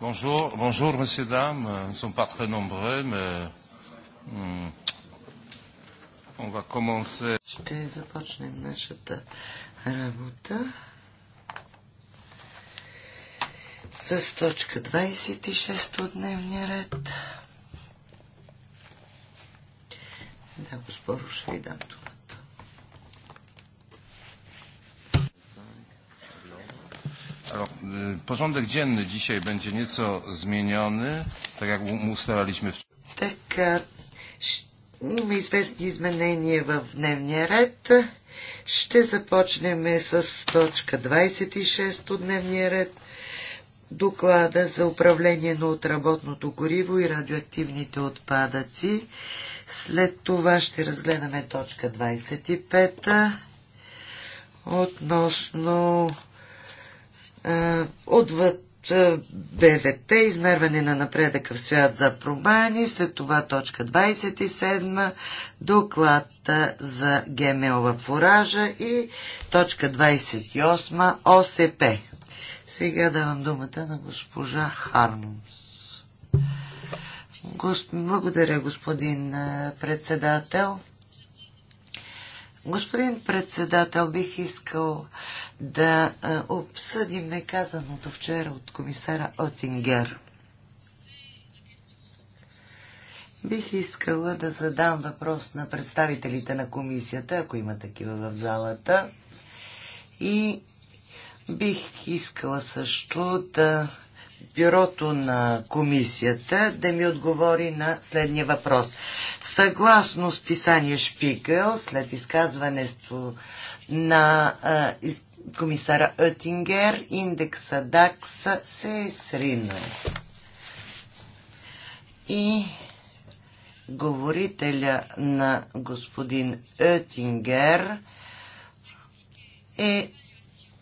Bonjour, bonjour, messieurs, dames. Nous ne sommes pas très nombreux, mais hmm, on va commencer. Ще започнем нашата работа с точка 26 от дневния ред. Да, госпожо, ще ви дам това. Porządek dzienny dzisiaj będzie nieco zmieniony, tak jak ustalaliśmy wczoraj. Така, има известни изменения в дневния ред. Ще започнем с точка 26 от дневния ред. Доклада за управление на отработното гориво и радиоактивните отпадъци. След това ще разгледаме точка 25 относно е, отвъд е, БВП, измерване на напредъка в свят за пробани. след това точка 27, доклад за ГМО в фуража и точка 28, ОСП. Сега давам думата на госпожа Хармус. Благодаря, господин е, председател. Господин председател, бих искал да обсъдим неказаното вчера от комисара Отингер. Бих искала да задам въпрос на представителите на комисията, ако има такива в залата. И бих искала също да бюрото на комисията да ми отговори на следния въпрос. Съгласно списание Шпикъл, след изказването на а, из, комисара Оттингер индекса ДАКС се е сринал. И говорителя на господин Оттингер е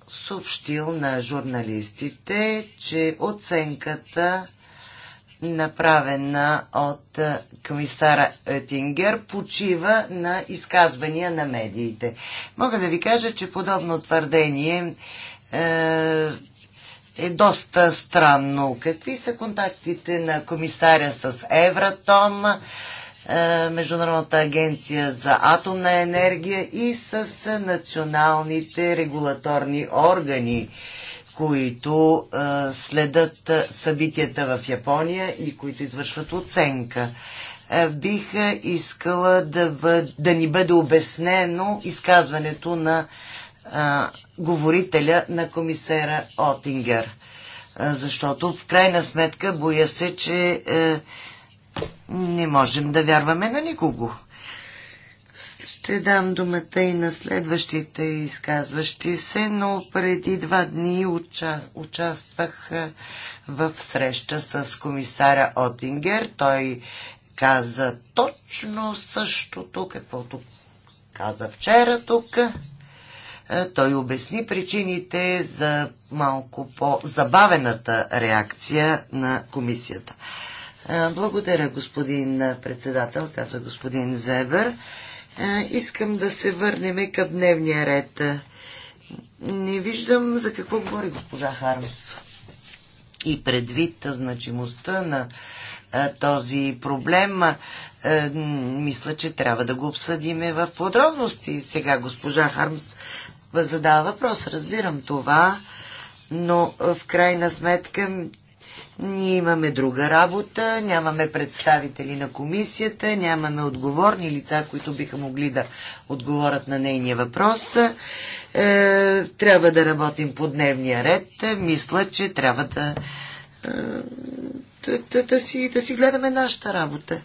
съобщил на журналистите, че оценката направена от е, комисара Етингер, почива на изказвания на медиите. Мога да ви кажа, че подобно твърдение е, е доста странно. Какви са контактите на комисаря с Евратом, е, Международната агенция за атомна енергия и с е, националните регулаторни органи? които а, следят събитията в Япония и които извършват оценка. А, бих искала да, бъд, да ни бъде обяснено изказването на а, говорителя на комисера Отингер. А, защото в крайна сметка боя се, че а, не можем да вярваме на никого. Ще дам думата и на следващите изказващи се, но преди два дни уча... участвах в среща с комисаря Отингер. Той каза точно същото, каквото каза вчера тук. Той обясни причините за малко по-забавената реакция на комисията. Благодаря, господин председател, каза господин Зебер искам да се върнем към дневния ред. Не виждам за какво говори госпожа Хармс. И предвид значимостта на този проблем, мисля, че трябва да го обсъдиме в подробности. Сега госпожа Хармс задава въпрос. Разбирам това, но в крайна сметка ние имаме друга работа, нямаме представители на комисията, нямаме отговорни лица, които биха могли да отговорят на нейния въпрос. Е, трябва да работим по дневния ред. Мисля, че трябва да, е, да, да, да, си, да си гледаме нашата работа.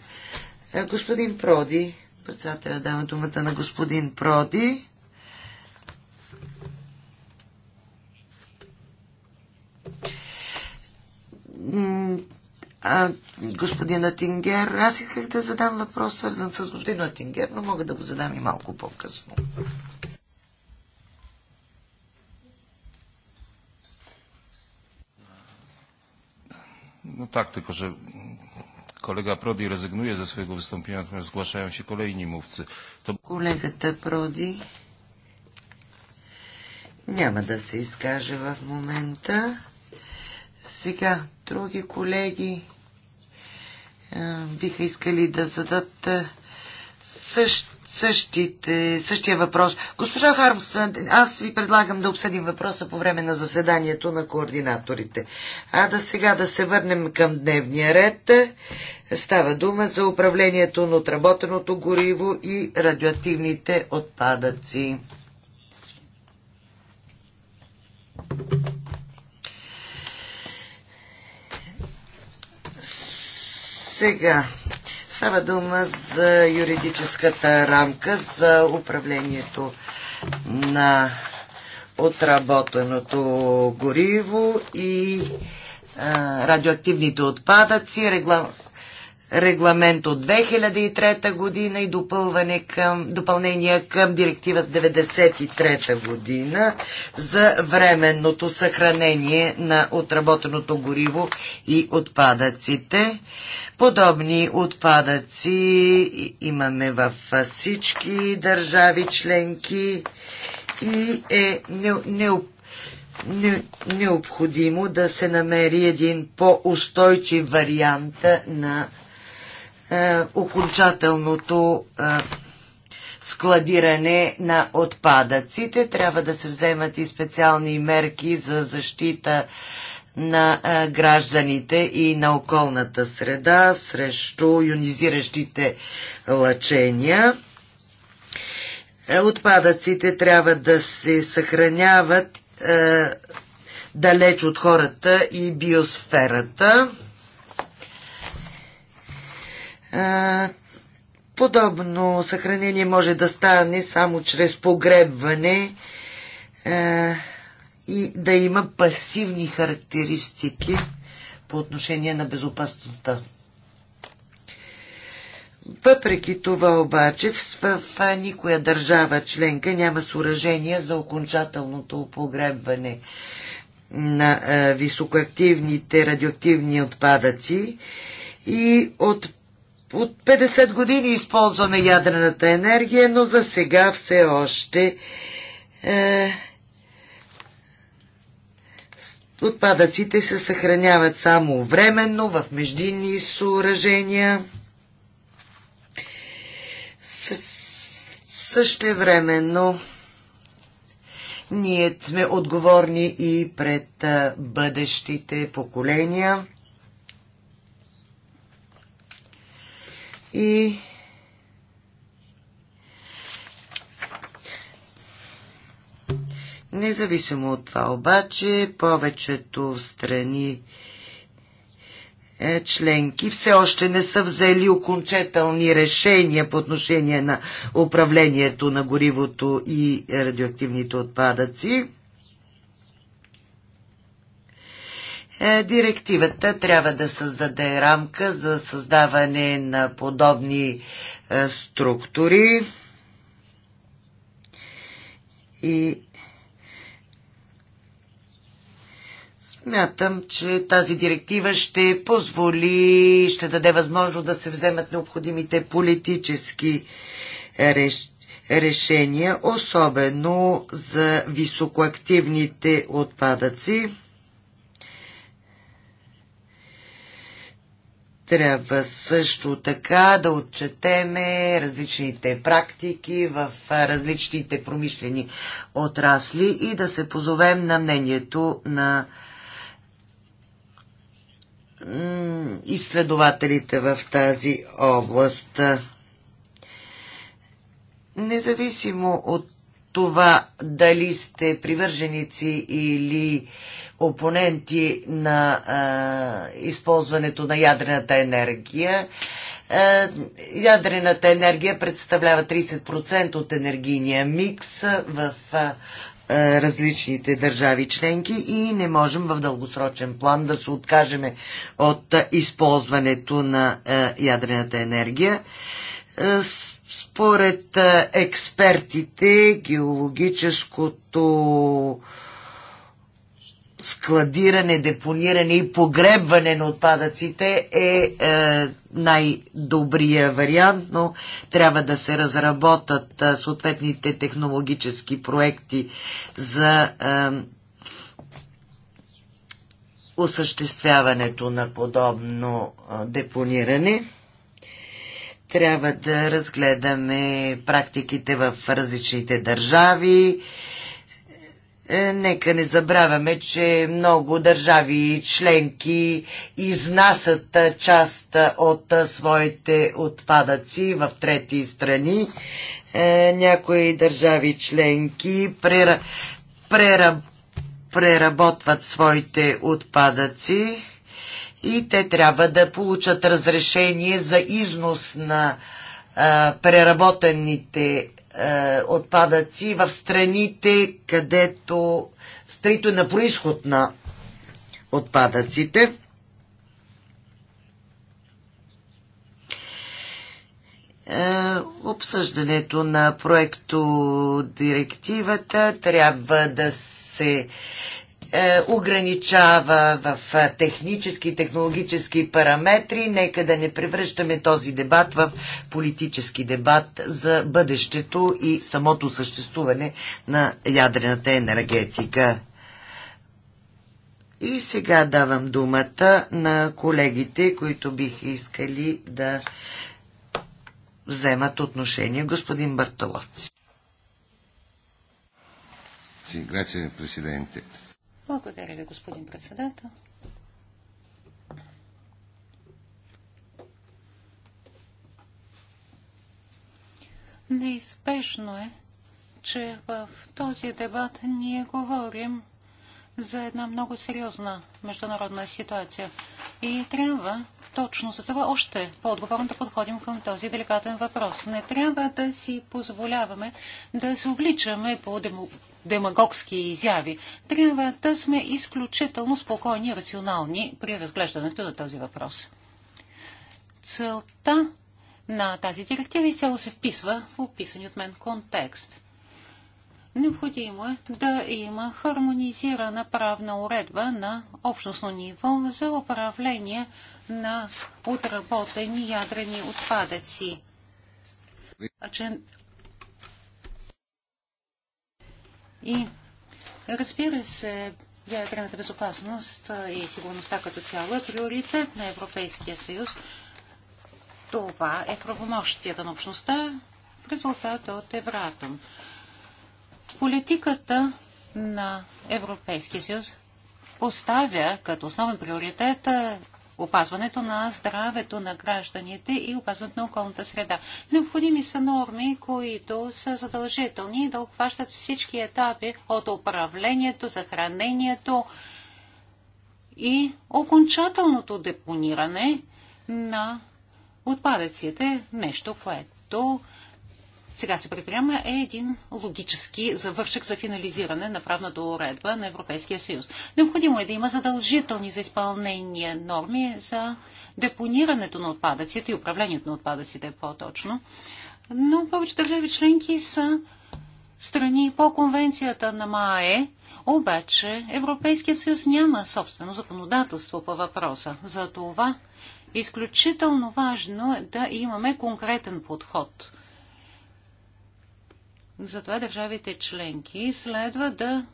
Е, господин Проди, председателя дава думата на господин Проди. а, господин Атингер, аз исках да задам въпрос, свързан с господин Атингер, но мога да го задам и малко по-късно. No tak, tylko że kolega Prodi rezygnuje ze swojego wystąpienia, natomiast zgłaszają się kolejni mówcy. To... Kolega te Prodi nie ma da się iskaże w momencie. Сега, други колеги биха искали да зададат същ, същите, същия въпрос. Госпожа Хармс, аз ви предлагам да обсъдим въпроса по време на заседанието на координаторите. А да сега да се върнем към дневния ред. Става дума за управлението на отработеното гориво и радиоактивните отпадъци. Thank you. Сега става дума за юридическата рамка за управлението на отработеното гориво и а, радиоактивните отпадъци, регламент от 2003 година и допълване към, допълнение към директива 93 година за временното съхранение на отработеното гориво и отпадъците. Подобни отпадъци имаме във всички държави членки и е необходимо необходимо да се намери един по-устойчив вариант на е, окончателното е, складиране на отпадъците. Трябва да се вземат и специални мерки за защита на е, гражданите и на околната среда срещу ионизиращите лъчения. Отпадъците трябва да се съхраняват е, далеч от хората и биосферата. Подобно съхранение може да стане само чрез погребване и да има пасивни характеристики по отношение на безопасността. Въпреки това обаче в, в никоя държава членка няма съоръжение за окончателното погребване на е, високоактивните радиоактивни отпадъци и от от 50 години използваме ядрената енергия, но за сега все още е, отпадъците се съхраняват само временно в междинни съоръжения. Същевременно ние сме отговорни и пред бъдещите поколения. И Независимо от това обаче, повечето страни е, членки все още не са взели окончателни решения по отношение на управлението на горивото и радиоактивните отпадъци. Е, директивата трябва да създаде рамка за създаване на подобни е, структури и Смятам, че тази директива ще позволи, ще даде възможност да се вземат необходимите политически реш... решения, особено за високоактивните отпадъци. Трябва също така да отчетеме различните практики в различните промишлени отрасли и да се позовем на мнението на изследователите в тази област. Независимо от това дали сте привърженици или опоненти на а, използването на ядрената енергия. ядрената енергия представлява 30% от енергийния микс в различните държави членки и не можем в дългосрочен план да се откажеме от използването на ядрената енергия. Според експертите, геологическото складиране, депониране и погребване на отпадъците е, е най-добрия вариант, но трябва да се разработат е, съответните технологически проекти за е, осъществяването на подобно е, депониране. Трябва да разгледаме практиките в различните държави. Е, нека не забравяме, че много държави и членки изнасят част от своите отпадъци в трети страни. Е, някои държави членки прера... Прера... преработват своите отпадъци и те трябва да получат разрешение за износ на а, преработените а, отпадъци в страните, където в страните на происход на отпадъците. Е, обсъждането на проекто директивата трябва да се е, ограничава в е, технически и технологически параметри. Нека да не превръщаме този дебат в политически дебат за бъдещето и самото съществуване на ядрената енергетика. И сега давам думата на колегите, които бих искали да вземат отношение. Господин Бартолоци. Sì, grazie Presidente. Благодаря ви, господин председател. Неизбежно е, че в този дебат ние говорим за една много сериозна международна ситуация. И трябва точно за това още по-отговорно да подходим към този деликатен въпрос. Не трябва да си позволяваме да се обличаме по демагогски изяви. Трябва да сме изключително спокойни и рационални при разглеждането на този въпрос. Целта на тази директива изцяло се вписва в описани от мен контекст – Необходимо е да има хармонизирана правна уредба на общностно ниво за управление на отработени ядрени отпадъци. Значи, и разбира се, ядрената безопасност и сигурността като цяло е приоритет на Европейския съюз. Това е правомощията на общността в резултат от Евратом. Политиката на Европейския съюз поставя като основен приоритет е, опазването на здравето на гражданите и опазването на околната среда. Необходими са норми, които са задължителни да обхващат всички етапи от управлението, захранението и окончателното депониране на отпадъците, нещо, което сега се предприема, е един логически завършък за финализиране на правната уредба на Европейския съюз. Необходимо е да има задължителни за изпълнение норми за депонирането на отпадъците и управлението на отпадъците по-точно. Но повече държави членки са страни по конвенцията на МАЕ, обаче Европейският съюз няма собствено законодателство по въпроса. За това изключително важно е да имаме конкретен подход – затова държавите членки следва да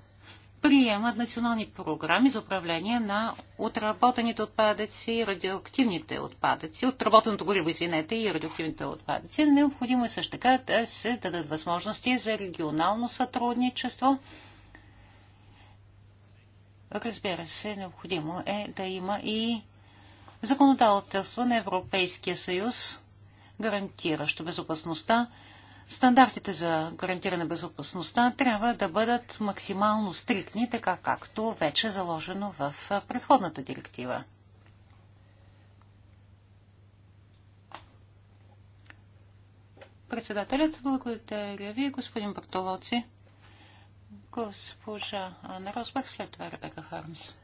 приемат национални програми за управление на отработените отпадъци и радиоактивните отпадъци, отработеното гориво, извинете, и радиоактивните отпадъци. Необходимо е също така да се дадат възможности за регионално сътрудничество. Разбира се, необходимо е да има и законодателство на Европейския съюз, гарантиращо безопасността Стандартите за гарантиране безопасността трябва да бъдат максимално стриктни, така както вече е заложено в предходната директива. Председателят, благодаря ви, господин Бартолоци. Госпожа Анна Розбах, след това Ребека Хармс.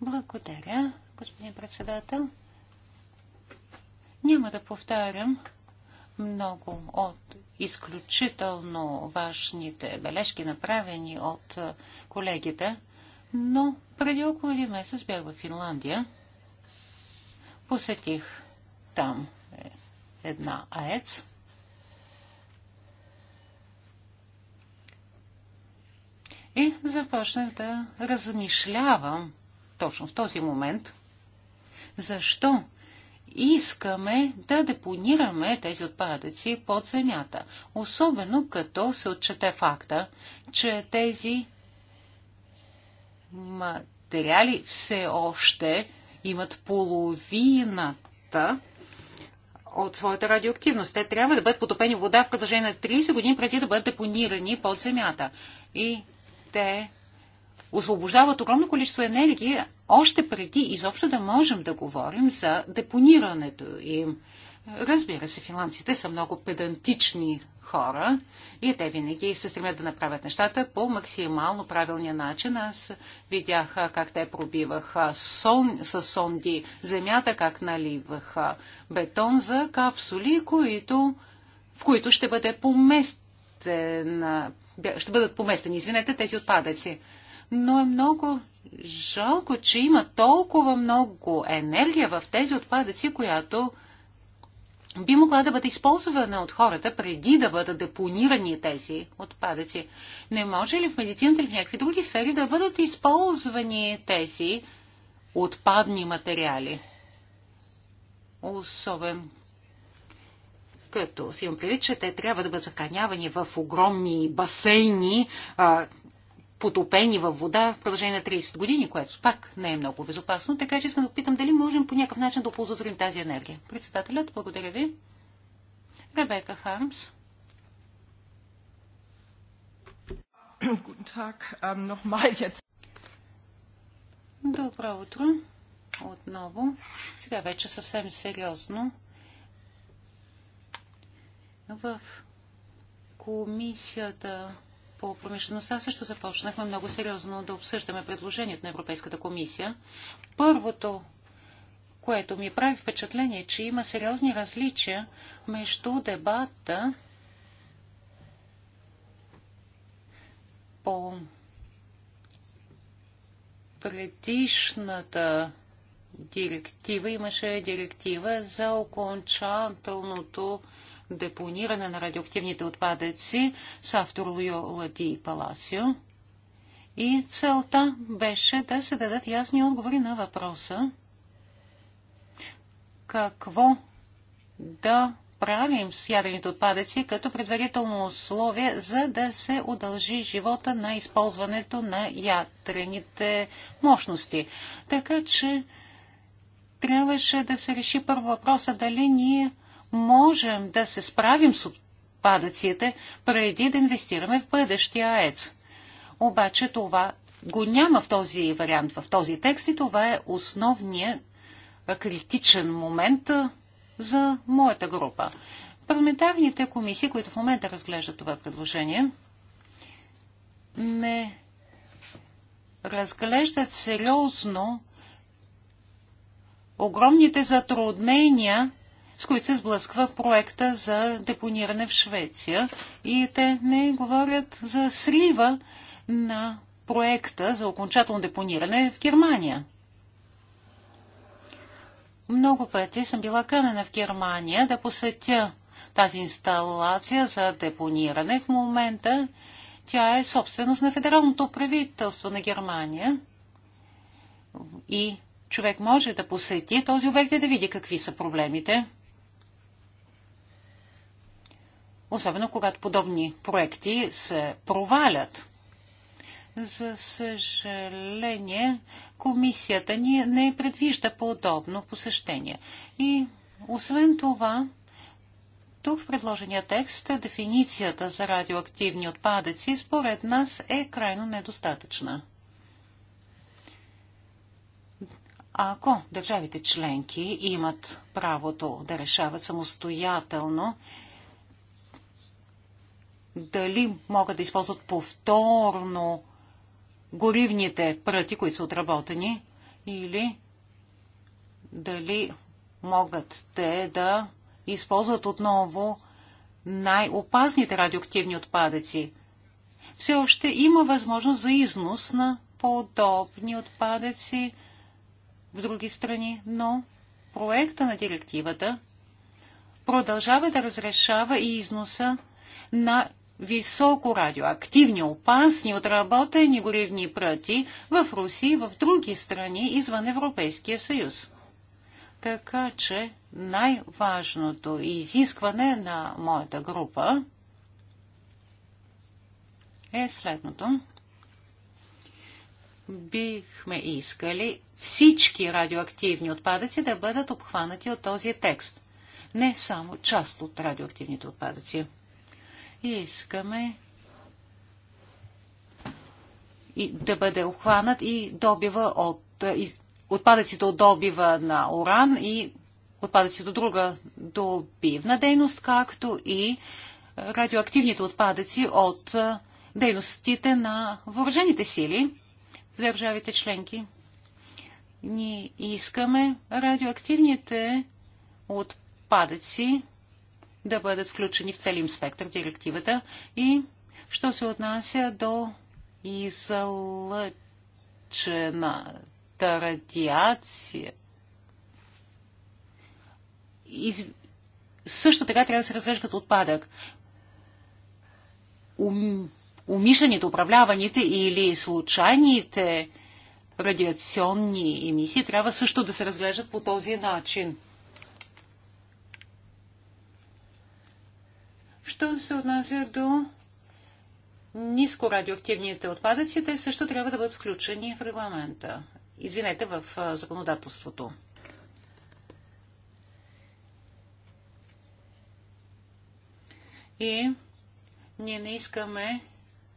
Благодаря, господин председател. Няма да повтарям много от изключително важните бележки, направени от колегите, но преди около един месец бях в Финландия. Посетих там е, една АЕЦ. И започнах да размишлявам точно в този момент, защо искаме да депонираме тези отпадъци под земята. Особено като се отчете факта, че тези материали все още имат половината от своята радиоактивност. Те трябва да бъдат потопени в вода в продължение на 30 години преди да бъдат депонирани под земята. И те освобождават огромно количество енергия, още преди изобщо да можем да говорим за депонирането им. Разбира се, финландците са много педантични хора и те винаги се стремят да направят нещата по максимално правилния начин. Аз видях как те пробиваха сон, с сонди земята, как наливаха бетон за капсули, които, в които ще бъде поместена, ще бъдат поместени, извинете, тези отпадъци. Но е много жалко, че има толкова много енергия в тези отпадъци, която би могла да бъде използвана от хората преди да бъдат депонирани тези отпадъци. Не може ли в медицината или в някакви други сфери да бъдат използвани тези отпадни материали? Особен като си им предвид, че те трябва да бъдат захранявани в огромни басейни, а, потопени във вода в продължение на 30 години, което пак не е много безопасно. Така че искам да питам дали можем по някакъв начин да оползотворим тази енергия. Председателят, благодаря ви. Ребека Хармс. Ähm, Добро утро отново. Сега вече съвсем сериозно. В комисията по промишлеността също започнахме много сериозно да обсъждаме предложението на Европейската комисия. Първото, което ми прави впечатление, е, че има сериозни различия между дебата по предишната директива имаше директива за окончателното депониране на радиоактивните отпадъци с автор Лио Лади Паласио. И целта беше да се дадат ясни отговори на въпроса какво да правим с ядрените отпадъци като предварително условие, за да се удължи живота на използването на ядрените мощности. Така че трябваше да се реши първо въпроса дали ние можем да се справим с отпадъците преди да инвестираме в бъдещия АЕЦ. Обаче това го няма в този вариант, в този текст и това е основният критичен момент за моята група. Парламентарните комисии, които в момента разглеждат това предложение, не разглеждат сериозно огромните затруднения с които се сблъсква проекта за депониране в Швеция. И те не говорят за срива на проекта за окончателно депониране в Германия. Много пъти съм била канена в Германия да посетя тази инсталация за депониране. В момента тя е собственост на федералното правителство на Германия. И човек може да посети този обект и да види какви са проблемите. особено когато подобни проекти се провалят. За съжаление, комисията ни не предвижда подобно посещение. И освен това, тук в предложения текст дефиницията за радиоактивни отпадъци според нас е крайно недостатъчна. Ако държавите членки имат правото да решават самостоятелно дали могат да използват повторно горивните пръти, които са отработени, или дали могат те да използват отново най-опасните радиоактивни отпадъци. Все още има възможност за износ на подобни отпадъци в други страни, но проекта на директивата продължава да разрешава и износа на високо радиоактивни, опасни, отработени горивни пръти в Руси и в други страни извън Европейския съюз. Така че най-важното изискване на моята група е следното. Бихме искали всички радиоактивни отпадъци да бъдат обхванати от този текст, не само част от радиоактивните отпадъци и искаме и да бъде охванат и добива от е, отпадъците от добива на уран и отпадъците от друга добивна дейност, както и радиоактивните отпадъци от е, дейностите на въоръжените сили в държавите членки. Ние искаме радиоактивните отпадъци да бъдат включени в целим спектър в директивата. И що се отнася до излъчената радиация, из... също така трябва да се разрежда като отпадък. Ум... Умишлените, управляваните или случайните радиационни емисии трябва също да се разглеждат по този начин – Що се отнася до ниско радиоактивните отпадъци, те също трябва да бъдат включени в регламента. Извинете, в законодателството. И ние не искаме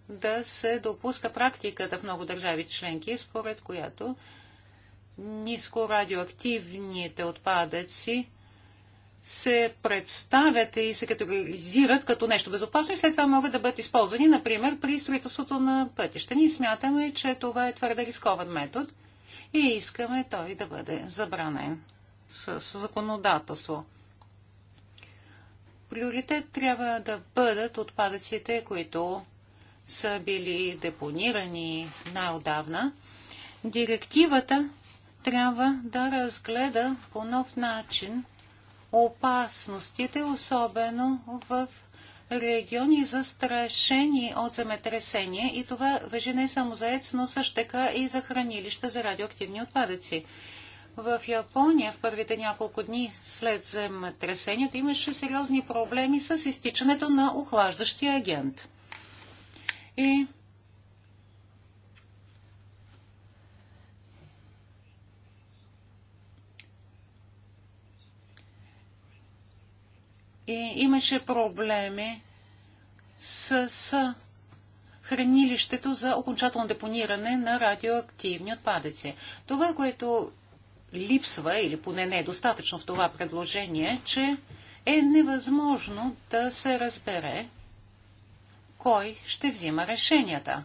да се допуска практиката в много държави членки, според която ниско радиоактивните отпадъци се представят и се категоризират като нещо безопасно и след това могат да бъдат използвани, например, при строителството на пътища. Ние смятаме, че това е твърде рискован метод и искаме той да бъде забранен с законодателство. Приоритет трябва да бъдат отпадъците, които са били депонирани най-отдавна. Директивата трябва да разгледа по нов начин – опасностите, особено в региони застрашени от земетресения и това въжи не само за ЕЦ, но също така и за хранилища за радиоактивни отпадъци. В Япония в първите няколко дни след земетресението имаше сериозни проблеми с изтичането на охлаждащия агент. И И имаше проблеми с, хранилището за окончателно депониране на радиоактивни отпадъци. Това, което липсва, или поне не е достатъчно в това предложение, е, че е невъзможно да се разбере кой ще взима решенията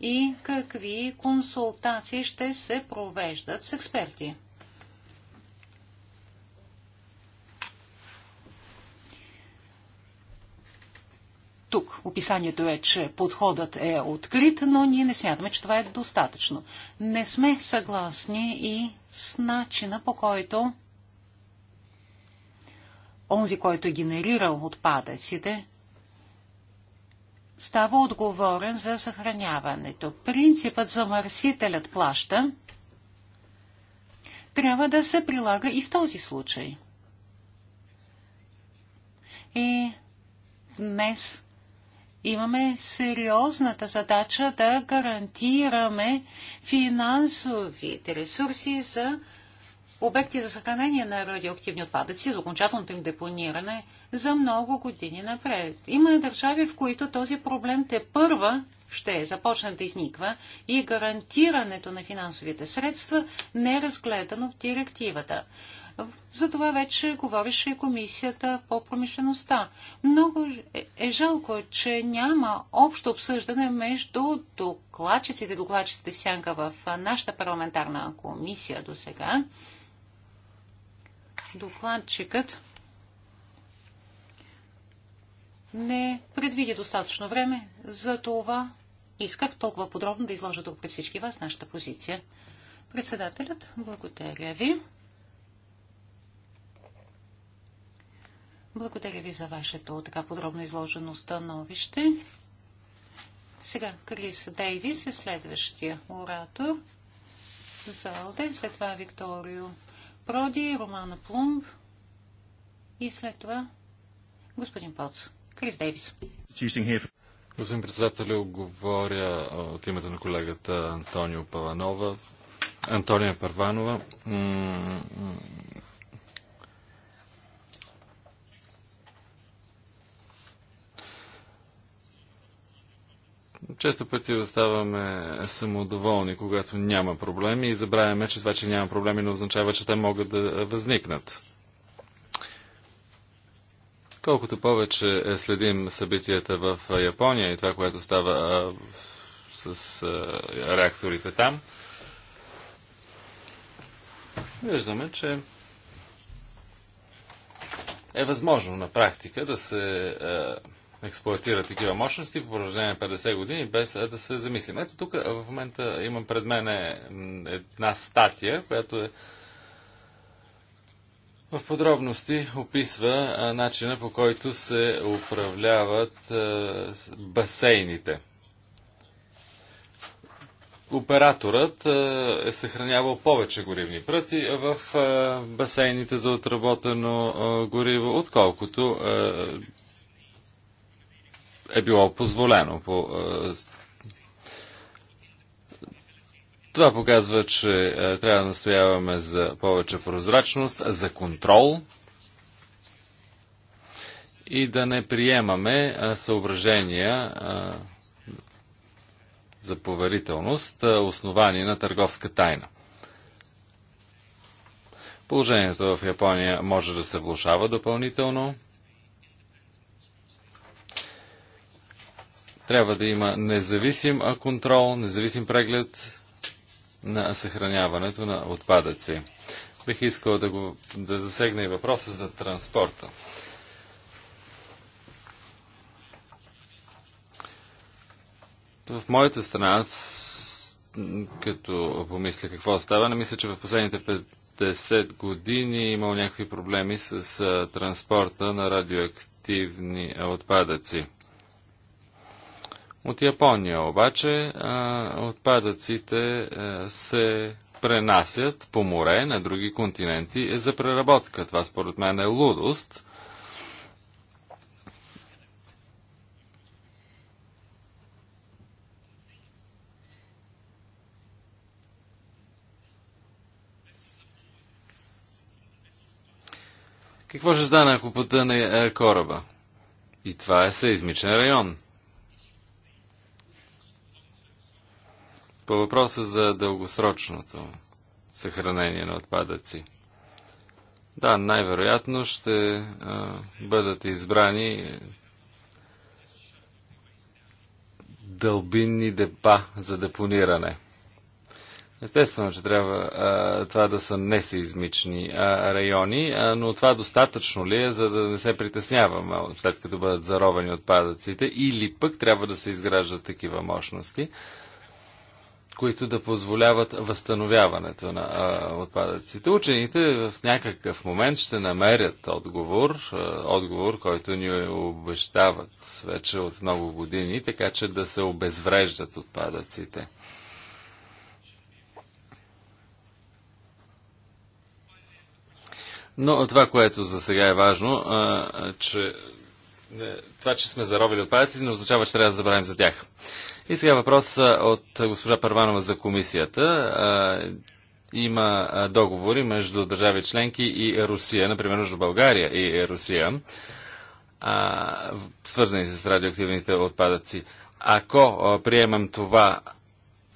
и какви консултации ще се провеждат с експерти. Тук описанието е, че подходът е открит, но ние не смятаме, че това е достатъчно. Не сме съгласни и с начина по който онзи, който е генерирал отпадъците, става отговорен за съхраняването. Принципът за мърсителят плаща трябва да се прилага и в този случай. И днес имаме сериозната задача да гарантираме финансовите ресурси за обекти за съхранение на радиоактивни отпадъци за окончателното им депониране за много години напред. Има държави, в които този проблем те първа ще е започне да изниква и гарантирането на финансовите средства не е разгледано в директивата. За това вече говореше и комисията по промишлеността. Много е, е жалко, че няма общо обсъждане между докладчиците и докладчиците в сянка в нашата парламентарна комисия до сега. Докладчикът не предвиди достатъчно време, за това исках толкова подробно да изложа тук пред всички вас нашата позиция. Председателят, благодаря ви. Благодаря ви за вашето така подробно изложено становище. Сега Крис Дейвис е следващия оратор. Залде, след това Викторио Проди, Романа Плумб и след това господин Поц. Крис Дейвис. Господин председател, говоря от името на колегата Антонио Паванова. Антония Парванова. Често пъти оставаме самодоволни, когато няма проблеми и забравяме, че това, че няма проблеми, не означава, че те могат да възникнат. Колкото повече е следим събитията в Япония и това, което става с реакторите там, виждаме, че е възможно на практика да се експлуатира такива мощности в продължение на 50 години, без е, да се замислим. Ето тук е, в момента имам пред мен е, една статия, която е в подробности описва начина по който се управляват басейните. Операторът е съхранявал повече горивни пръти в басейните за отработено гориво, отколкото е било позволено по е, това показва, че е, трябва да настояваме за повече прозрачност, за контрол и да не приемаме е, съображения е, за поверителност, е, основани на търговска тайна. Положението в Япония може да се влушава допълнително. Трябва да има независим контрол, независим преглед на съхраняването на отпадъци. Бих искал да, го, да засегна и въпроса за транспорта. В моята страна, като помисля какво става, не мисля, че в последните 50 години е имал някакви проблеми с транспорта на радиоактивни отпадъци. От Япония обаче отпадъците се пренасят по море на други континенти е за преработка. Това според мен е лудост. Какво ще стане, ако потъне е, кораба? И това е сейзмичен район. По въпроса за дългосрочното съхранение на отпадъци. Да, най-вероятно ще а, бъдат избрани дълбинни депа за депониране. Естествено, че трябва а, това да са несеизмични а, райони, а, но това достатъчно ли е, за да не се притесняваме след като бъдат заровени отпадъците, или пък трябва да се изграждат такива мощности които да позволяват възстановяването на а, отпадъците. Учените в някакъв момент ще намерят отговор, а, отговор, който ни обещават вече от много години, така че да се обезвреждат отпадъците. Но това, което за сега е важно, а, че е, това, че сме заробили отпадъци, не означава, че трябва да забравим за тях. И сега въпрос от госпожа Първанова за комисията. Има договори между държави членки и Русия, например между България и Русия, свързани с радиоактивните отпадъци. Ако приемем това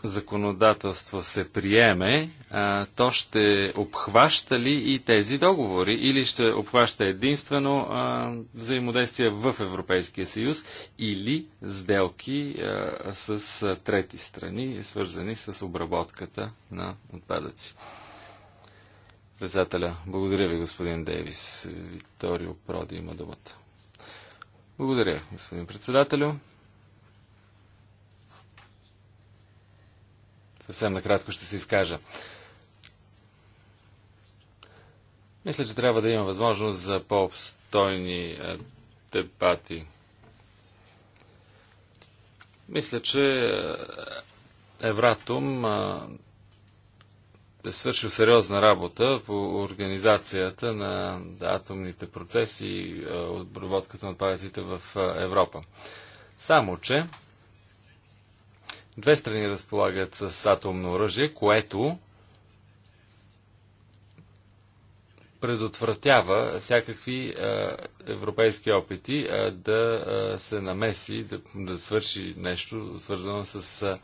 законодателство се приеме, а, то ще обхваща ли и тези договори или ще обхваща единствено а, взаимодействие в Европейския съюз или сделки а, с трети страни, свързани с обработката на отпадъци. Председателя, благодаря ви, господин Дейвис. Викторио Проди има думата. Благодаря, господин председателю. Съвсем накратко ще се изкажа. Мисля, че трябва да има възможност за по-обстойни е, дебати. Мисля, че е, Евратум е, е свършил сериозна работа по организацията на атомните процеси и обработката на пазите в Европа. Само, че Две страни разполагат с атомно оръжие, което предотвратява всякакви а, европейски опити а, да а, се намеси, да, да свърши нещо свързано с а,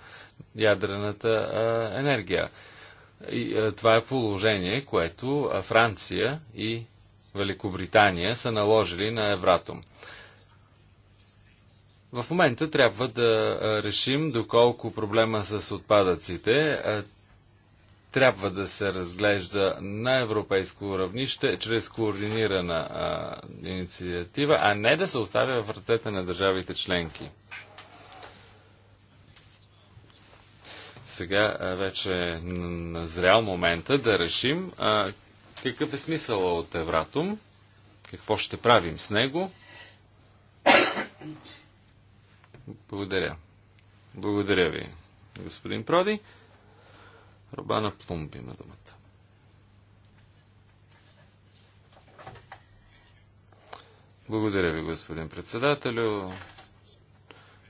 ядрената а, енергия. И, а, това е положение, което а, Франция и Великобритания са наложили на Евратом. В момента трябва да решим доколко проблема с отпадъците трябва да се разглежда на европейско равнище чрез координирана а, инициатива, а не да се оставя в ръцете на държавите членки. Сега а, вече е назрял момента да решим а, какъв е смисъл от Евратум, какво ще правим с него благодаря. Благодаря ви, господин Проди. Робана Плумб има думата. Благодаря ви, господин председателю.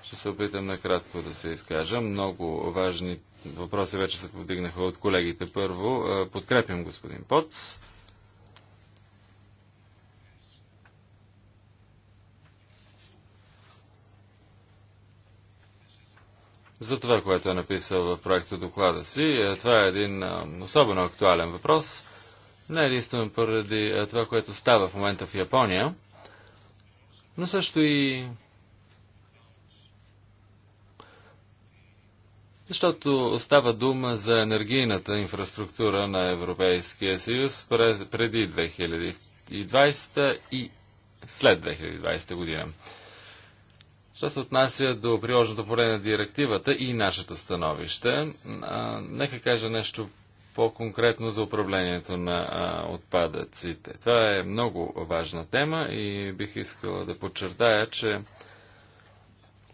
Ще се опитам накратко да се изкажа. Много важни въпроси вече се повдигнаха от колегите. Първо, подкрепям господин Поц. за това, което е написал в проекта доклада си. Е, това е един е, особено актуален въпрос. Не единствено поради е, това, което става в момента в Япония, но също и защото става дума за енергийната инфраструктура на Европейския съюз преди 2020 и след 2020 година. Що се отнася до приложното поле на директивата и нашето становище, нека кажа нещо по-конкретно за управлението на отпадъците. Това е много важна тема и бих искала да подчертая, че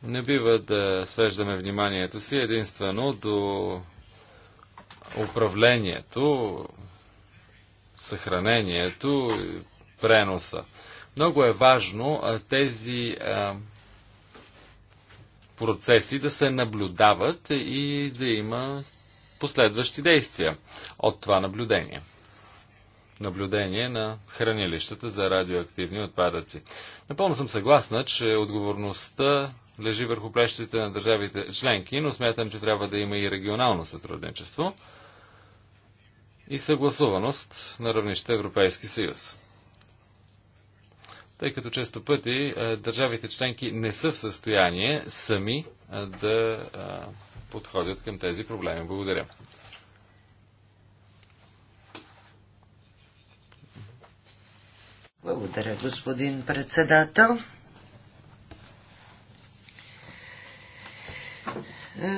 не бива да свеждаме вниманието си единствено до управлението, съхранението и преноса. Много е важно тези процеси да се наблюдават и да има последващи действия от това наблюдение. Наблюдение на хранилищата за радиоактивни отпадъци. Напълно съм съгласна, че отговорността лежи върху плещите на държавите членки, но смятам, че трябва да има и регионално сътрудничество и съгласуваност на равнище Европейски съюз тъй като често пъти държавите членки не са в състояние сами да подходят към тези проблеми. Благодаря. Благодаря, господин председател.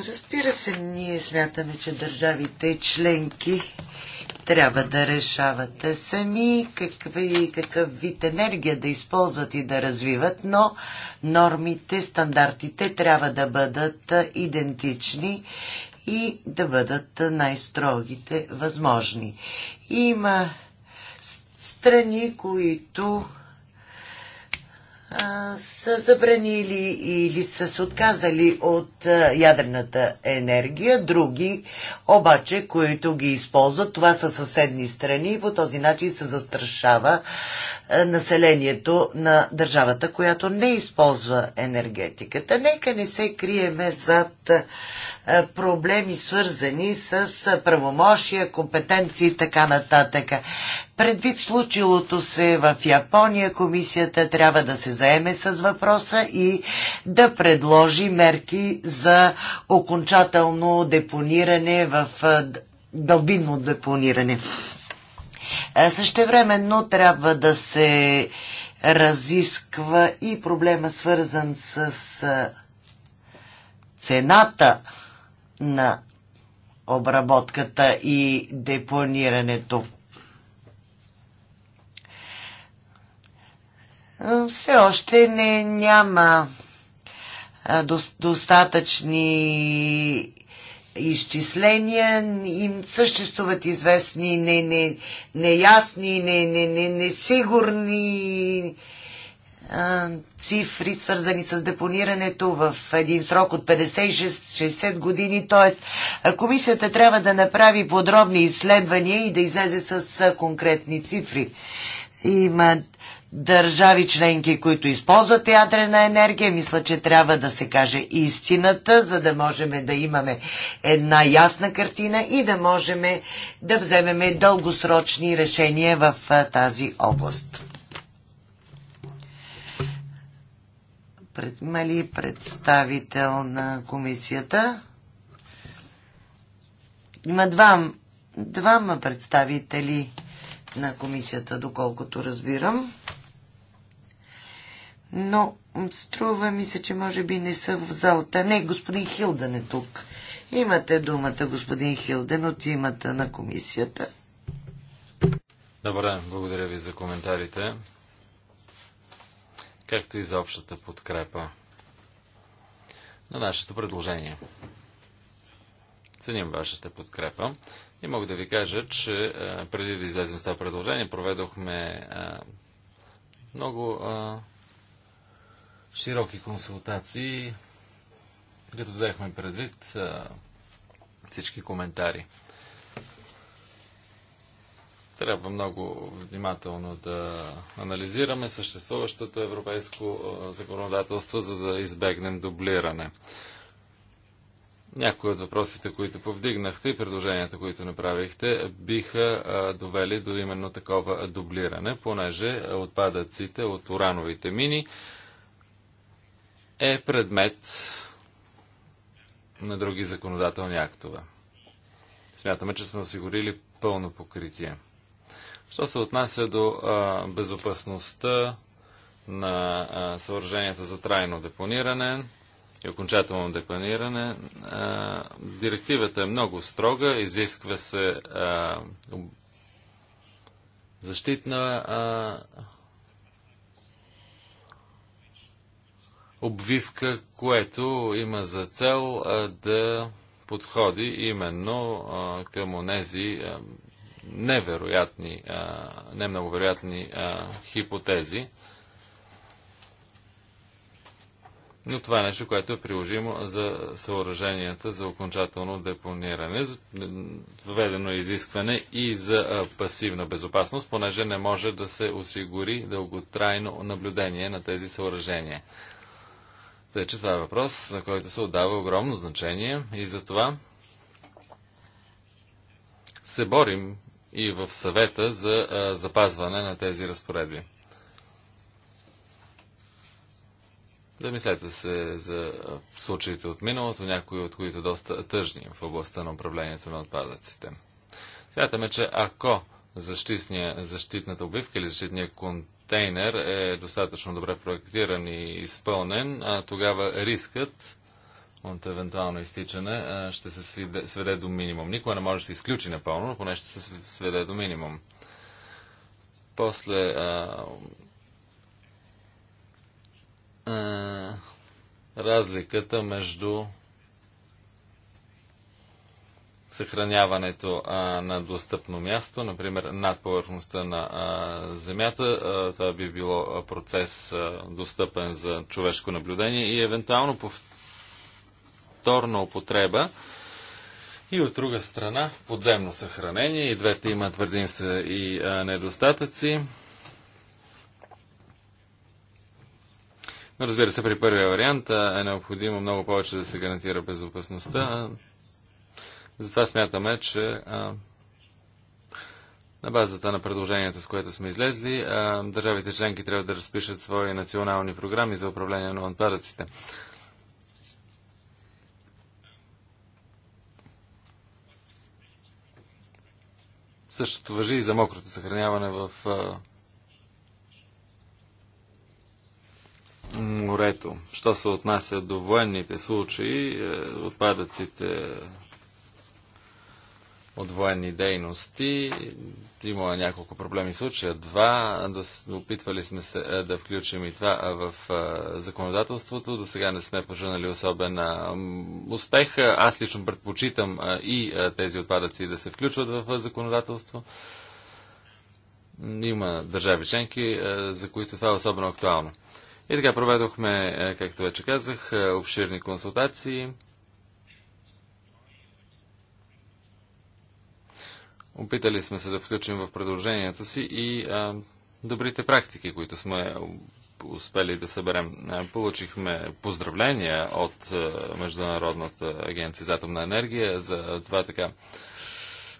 Разбира се, ние смятаме, че държавите членки трябва да решавате сами какви, какъв вид енергия да използват и да развиват, но нормите, стандартите трябва да бъдат идентични и да бъдат най-строгите възможни. Има страни, които са забранили или са се отказали от ядрената енергия. Други, обаче, които ги използват, това са съседни страни и по този начин се застрашава населението на държавата, която не използва енергетиката. Нека не се криеме зад е, проблеми, свързани с е, правомощия, компетенции и така нататък. Предвид случилото се в Япония, комисията трябва да се заеме с въпроса и да предложи мерки за окончателно депониране в е, дълбинно депониране. Същевременно трябва да се разисква и проблема свързан с цената на обработката и депонирането. Е, все още не няма е, достатъчни изчисления, им съществуват известни не, не, неясни, не, не, не, несигурни цифри, свързани с депонирането в един срок от 50-60 години. Т.е. комисията трябва да направи подробни изследвания и да излезе с конкретни цифри. Има държави членки, които използват ядрена енергия. Мисля, че трябва да се каже истината, за да можем да имаме една ясна картина и да можем да вземем дългосрочни решения в тази област. пред, мали представител на комисията? Има двама представители на комисията, доколкото разбирам. Но струва ми се, че може би не са в залата. Не, господин Хилден е тук. Имате думата, господин Хилден, от имата на комисията. Добре, благодаря ви за коментарите както и за общата подкрепа на нашето предложение. Ценим вашата подкрепа и мога да ви кажа, че е, преди да излезем с това предложение, проведохме е, много е, широки консултации, като взехме предвид всички коментари. Трябва много внимателно да анализираме съществуващото европейско законодателство, за да избегнем дублиране. Някои от въпросите, които повдигнахте и предложенията, които направихте, биха довели до именно такова дублиране, понеже отпадъците от урановите мини е предмет на други законодателни актове. Смятаме, че сме осигурили пълно покритие. Що се отнася до а, безопасността на а, съоръженията за трайно депониране и окончателно депониране, а, директивата е много строга, изисква се а, защитна а, обвивка, което има за цел а, да подходи именно а, към онези а, невероятни, а, не много вероятни а, хипотези. Но това е нещо, което е приложимо за съоръженията за окончателно депониране. Введено е изискване и за пасивна безопасност, понеже не може да се осигури дълготрайно наблюдение на тези съоръжения. Тъй, че това е въпрос, на който се отдава огромно значение и за това се борим и в съвета за запазване на тези разпоредби. Замислете се за случаите от миналото, някои от които доста тъжни в областта на управлението на отпадъците. Смятаме, че ако защитната обивка или защитния контейнер е достатъчно добре проектиран и изпълнен, тогава рискът от евентуално изтичане ще се сведе, сведе до минимум. Никога не може да се изключи напълно, но поне ще се сведе до минимум. После а, а, разликата между съхраняването а, на достъпно място, например над повърхността на а, Земята. А, това би било процес а, достъпен за човешко наблюдение и евентуално пов повторна употреба и от друга страна подземно съхранение. И двете имат предимства и недостатъци. Но разбира се, при първия вариант е необходимо много повече да се гарантира безопасността. Затова смятаме, че на базата на предложението, с което сме излезли, държавите членки трябва да разпишат свои национални програми за управление на отпадъците. Същото въжи и за мокрото съхраняване в морето. Що се отнася до военните случаи, е, отпадъците от военни дейности. Има е няколко проблеми случая. Два, опитвали сме се е, да включим и това е, в законодателството. До сега не сме поженали особен успех. Аз лично предпочитам и тези отпадъци да се включват в законодателство. Има държави членки, за които това е особено актуално. И така проведохме, както вече казах, обширни консултации. Опитали сме се да включим в предложението си и а, добрите практики, които сме успели да съберем. Получихме поздравления от Международната агенция за атомна енергия за това така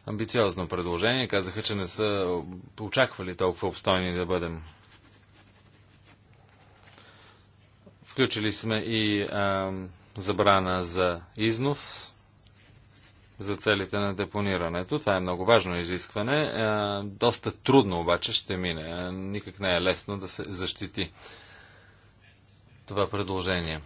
амбициозно предложение. Казаха, че не са очаквали толкова обстойни да бъдем. Включили сме и а, забрана за износ за целите на депонирането. Това е много важно изискване. Е, доста трудно обаче ще мине. Е, никак не е лесно да се защити това предложение.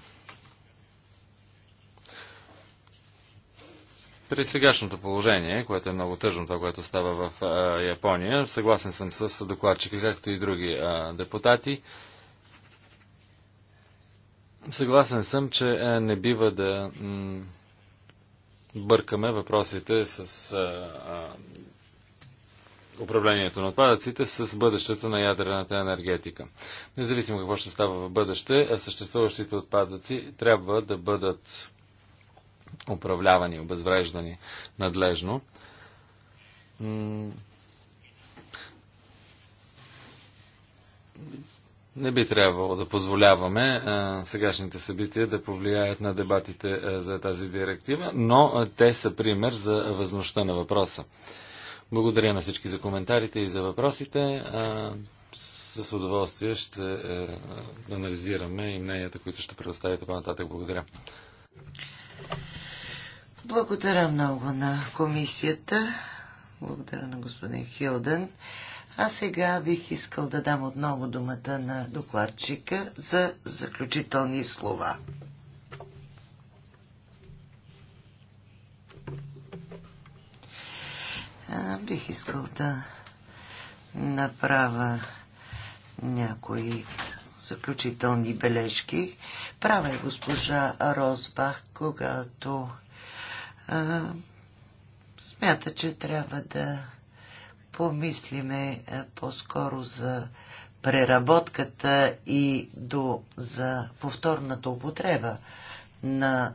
При сегашното положение, което е много тъжно, това, което става в е, Япония, съгласен съм с докладчика, както и други депутати. Съгласен съм, че не бива да бъркаме въпросите с а, а, управлението на отпадъците с бъдещето на ядрената енергетика. Независимо какво ще става в бъдеще, съществуващите отпадъци трябва да бъдат управлявани, обезвреждани надлежно. Не би трябвало да позволяваме а, сегашните събития да повлияят на дебатите а, за тази директива, но а, те са пример за възможността на въпроса. Благодаря на всички за коментарите и за въпросите. А, с удоволствие ще а, анализираме и мненията, които ще предоставите по-нататък. Благодаря. Благодаря много на комисията. Благодаря на господин Хилден. А сега бих искал да дам отново думата на докладчика за заключителни слова. бих искал да направя някои заключителни бележки. Права е госпожа Розбах, когато а, смята, че трябва да помислиме е, по-скоро за преработката и до, за повторната употреба на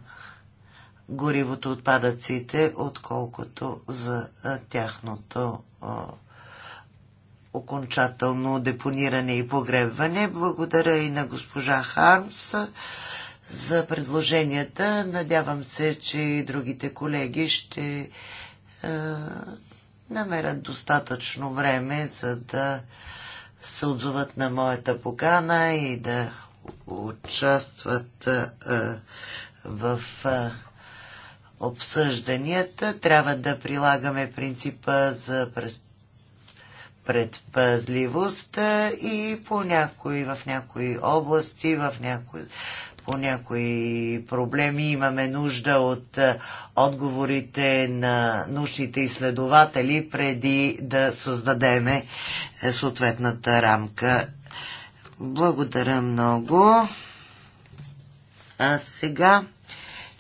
горивото отпадъците, отколкото за е, тяхното е, окончателно депониране и погребване. Благодаря и на госпожа Хармс за предложенията. Надявам се, че и другите колеги ще намерят достатъчно време, за да се отзоват на моята покана и да участват в обсъжданията. Трябва да прилагаме принципа за предпазливост и по някои, в някои области, в някои по някои проблеми имаме нужда от е, отговорите на научните изследователи преди да създадеме е, съответната рамка. Благодаря много. А сега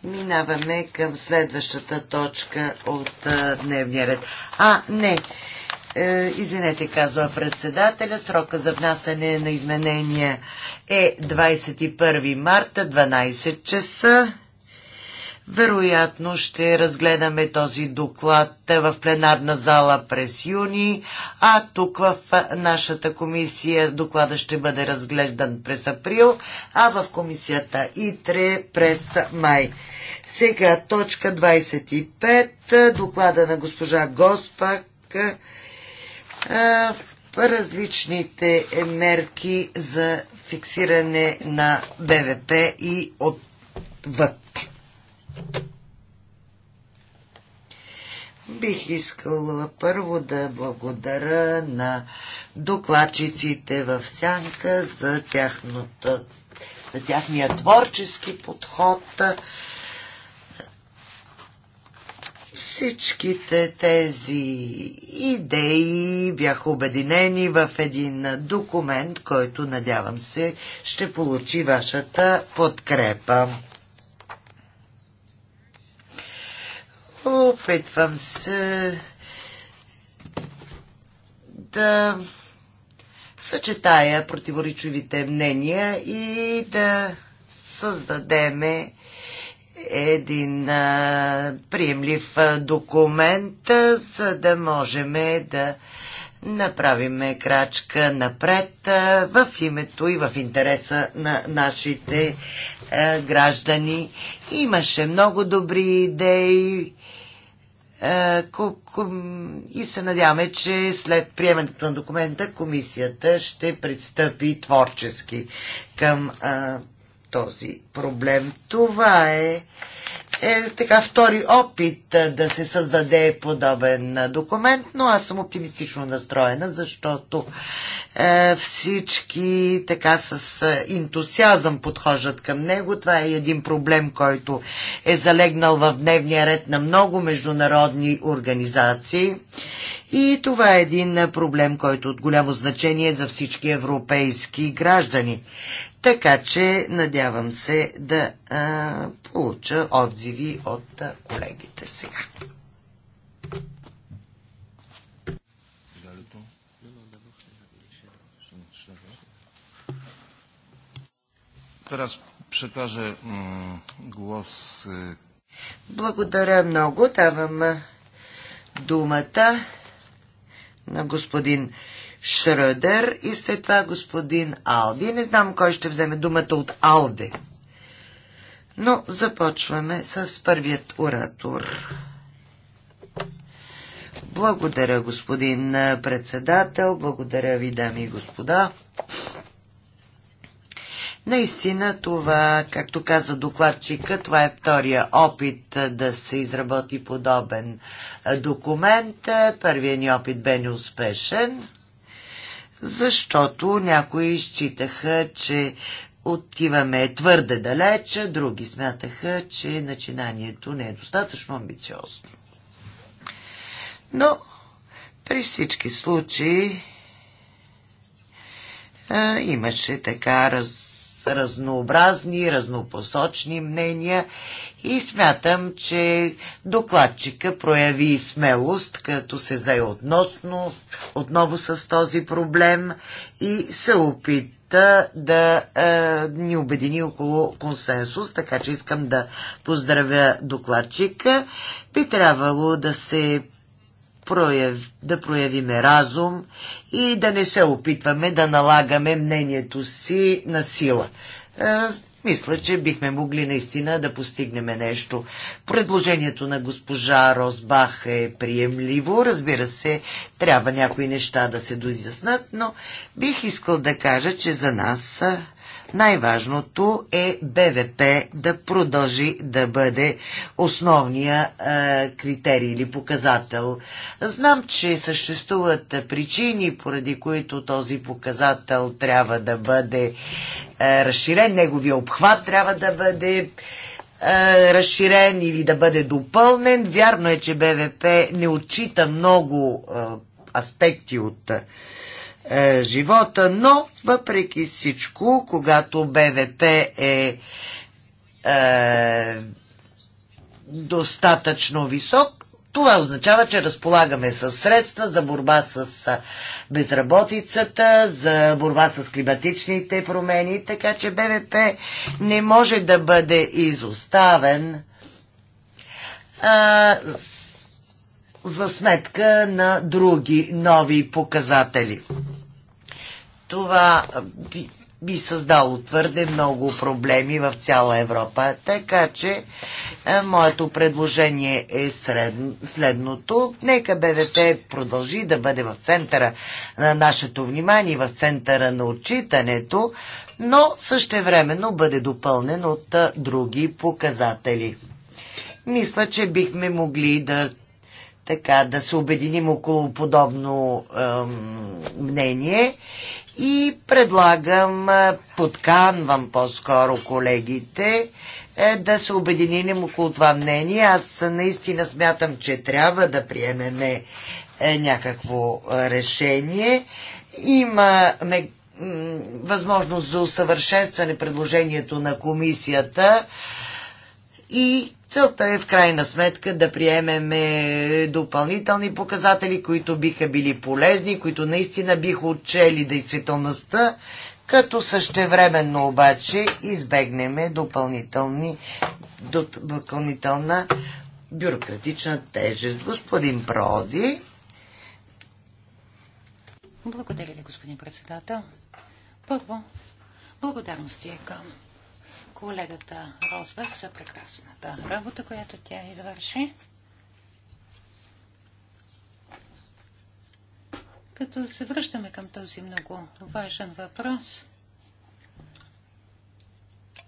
минаваме към следващата точка от е, дневния ред. А, не. Е, извинете, казва председателя. Срока за внасяне на изменения е 21 марта, 12 часа. Вероятно ще разгледаме този доклад е, в пленарна зала през юни, а тук в е, нашата комисия доклада ще бъде разглеждан през април, а в комисията ИТРЕ през май. Сега точка 25, доклада на госпожа Госпак различните мерки за фиксиране на БВП и отвъд. Бих искала първо да благодаря на докладчиците в Сянка за, за тяхния творчески подход Всичките тези идеи бяха обединени в един документ, който, надявам се, ще получи вашата подкрепа. Опитвам се да съчетая противоречивите мнения и да създадеме един а, приемлив а, документ, а, за да можем да направим крачка напред а, в името и в интереса на нашите а, граждани. Имаше много добри идеи а, и се надяваме, че след приемането на документа комисията ще пристъпи творчески към този проблем. Това е, е така втори опит да се създаде подобен документ, но аз съм оптимистично настроена, защото е, всички така с ентусиазъм подхождат към него. Това е един проблем, който е залегнал в дневния ред на много международни организации. И това е един проблем, който е от голямо значение е за всички европейски граждани. Така че надявам се да а, получа отзиви от а, колегите сега. Teraz przekażę mm, głos. Благодаря много. Давам думата на господин Шрадер и след това господин Алди. Не знам кой ще вземе думата от Алде. Но започваме с първият оратор. Благодаря, господин председател. Благодаря ви, дами и господа. Наистина това, както каза докладчика, това е втория опит да се изработи подобен документ. Първият ни опит бе неуспешен защото някои считаха, че отиваме твърде далече, други смятаха, че начинанието не е достатъчно амбициозно. Но при всички случаи а, имаше така раз, разнообразни, разнопосочни мнения и смятам, че докладчика прояви смелост, като се зае относно, отново с този проблем и се опита да е, ни обедини около консенсус, така че искам да поздравя докладчика. Би трябвало да се прояв, да проявиме разум и да не се опитваме да налагаме мнението си на сила. Е, мисля, че бихме могли наистина да постигнем нещо. Предложението на госпожа Росбах е приемливо. Разбира се, трябва някои неща да се дозяснат, но бих искал да кажа, че за нас е, най-важното е БВП да продължи да бъде основния а, критерий или показател. Знам, че съществуват причини, поради които този показател трябва да бъде а, разширен, неговия обхват трябва да бъде разширен или да бъде допълнен. Вярно е, че БВП не отчита много аспекти от е, живота, но въпреки всичко, когато БВП е, е достатъчно висок, това означава, че разполагаме с средства за борба с безработицата, за борба с климатичните промени, така че БВП не може да бъде изоставен а, за сметка на други нови показатели. Това би, би създало твърде много проблеми в цяла Европа. Така че е, моето предложение е сред, следното. Нека БДТ продължи да бъде в центъра на нашето внимание, в центъра на отчитането, но същевременно бъде допълнен от е, други показатели. Мисля, че бихме могли да така да се обединим около подобно ем, мнение и предлагам, подканвам по-скоро колегите е, да се обединим около това мнение. Аз наистина смятам, че трябва да приемеме е, някакво е, решение. Има възможност за усъвършенстване предложението на комисията. Е, и целта е в крайна сметка да приемеме допълнителни показатели, които биха били полезни, които наистина биха отчели действителността, като същевременно обаче избегнеме допълнителни, допълнителна бюрократична тежест. Господин Проди. Благодаря ви, господин председател. Първо, благодарности е към колегата Росберг за прекрасната работа, която тя извърши. Като се връщаме към този много важен въпрос,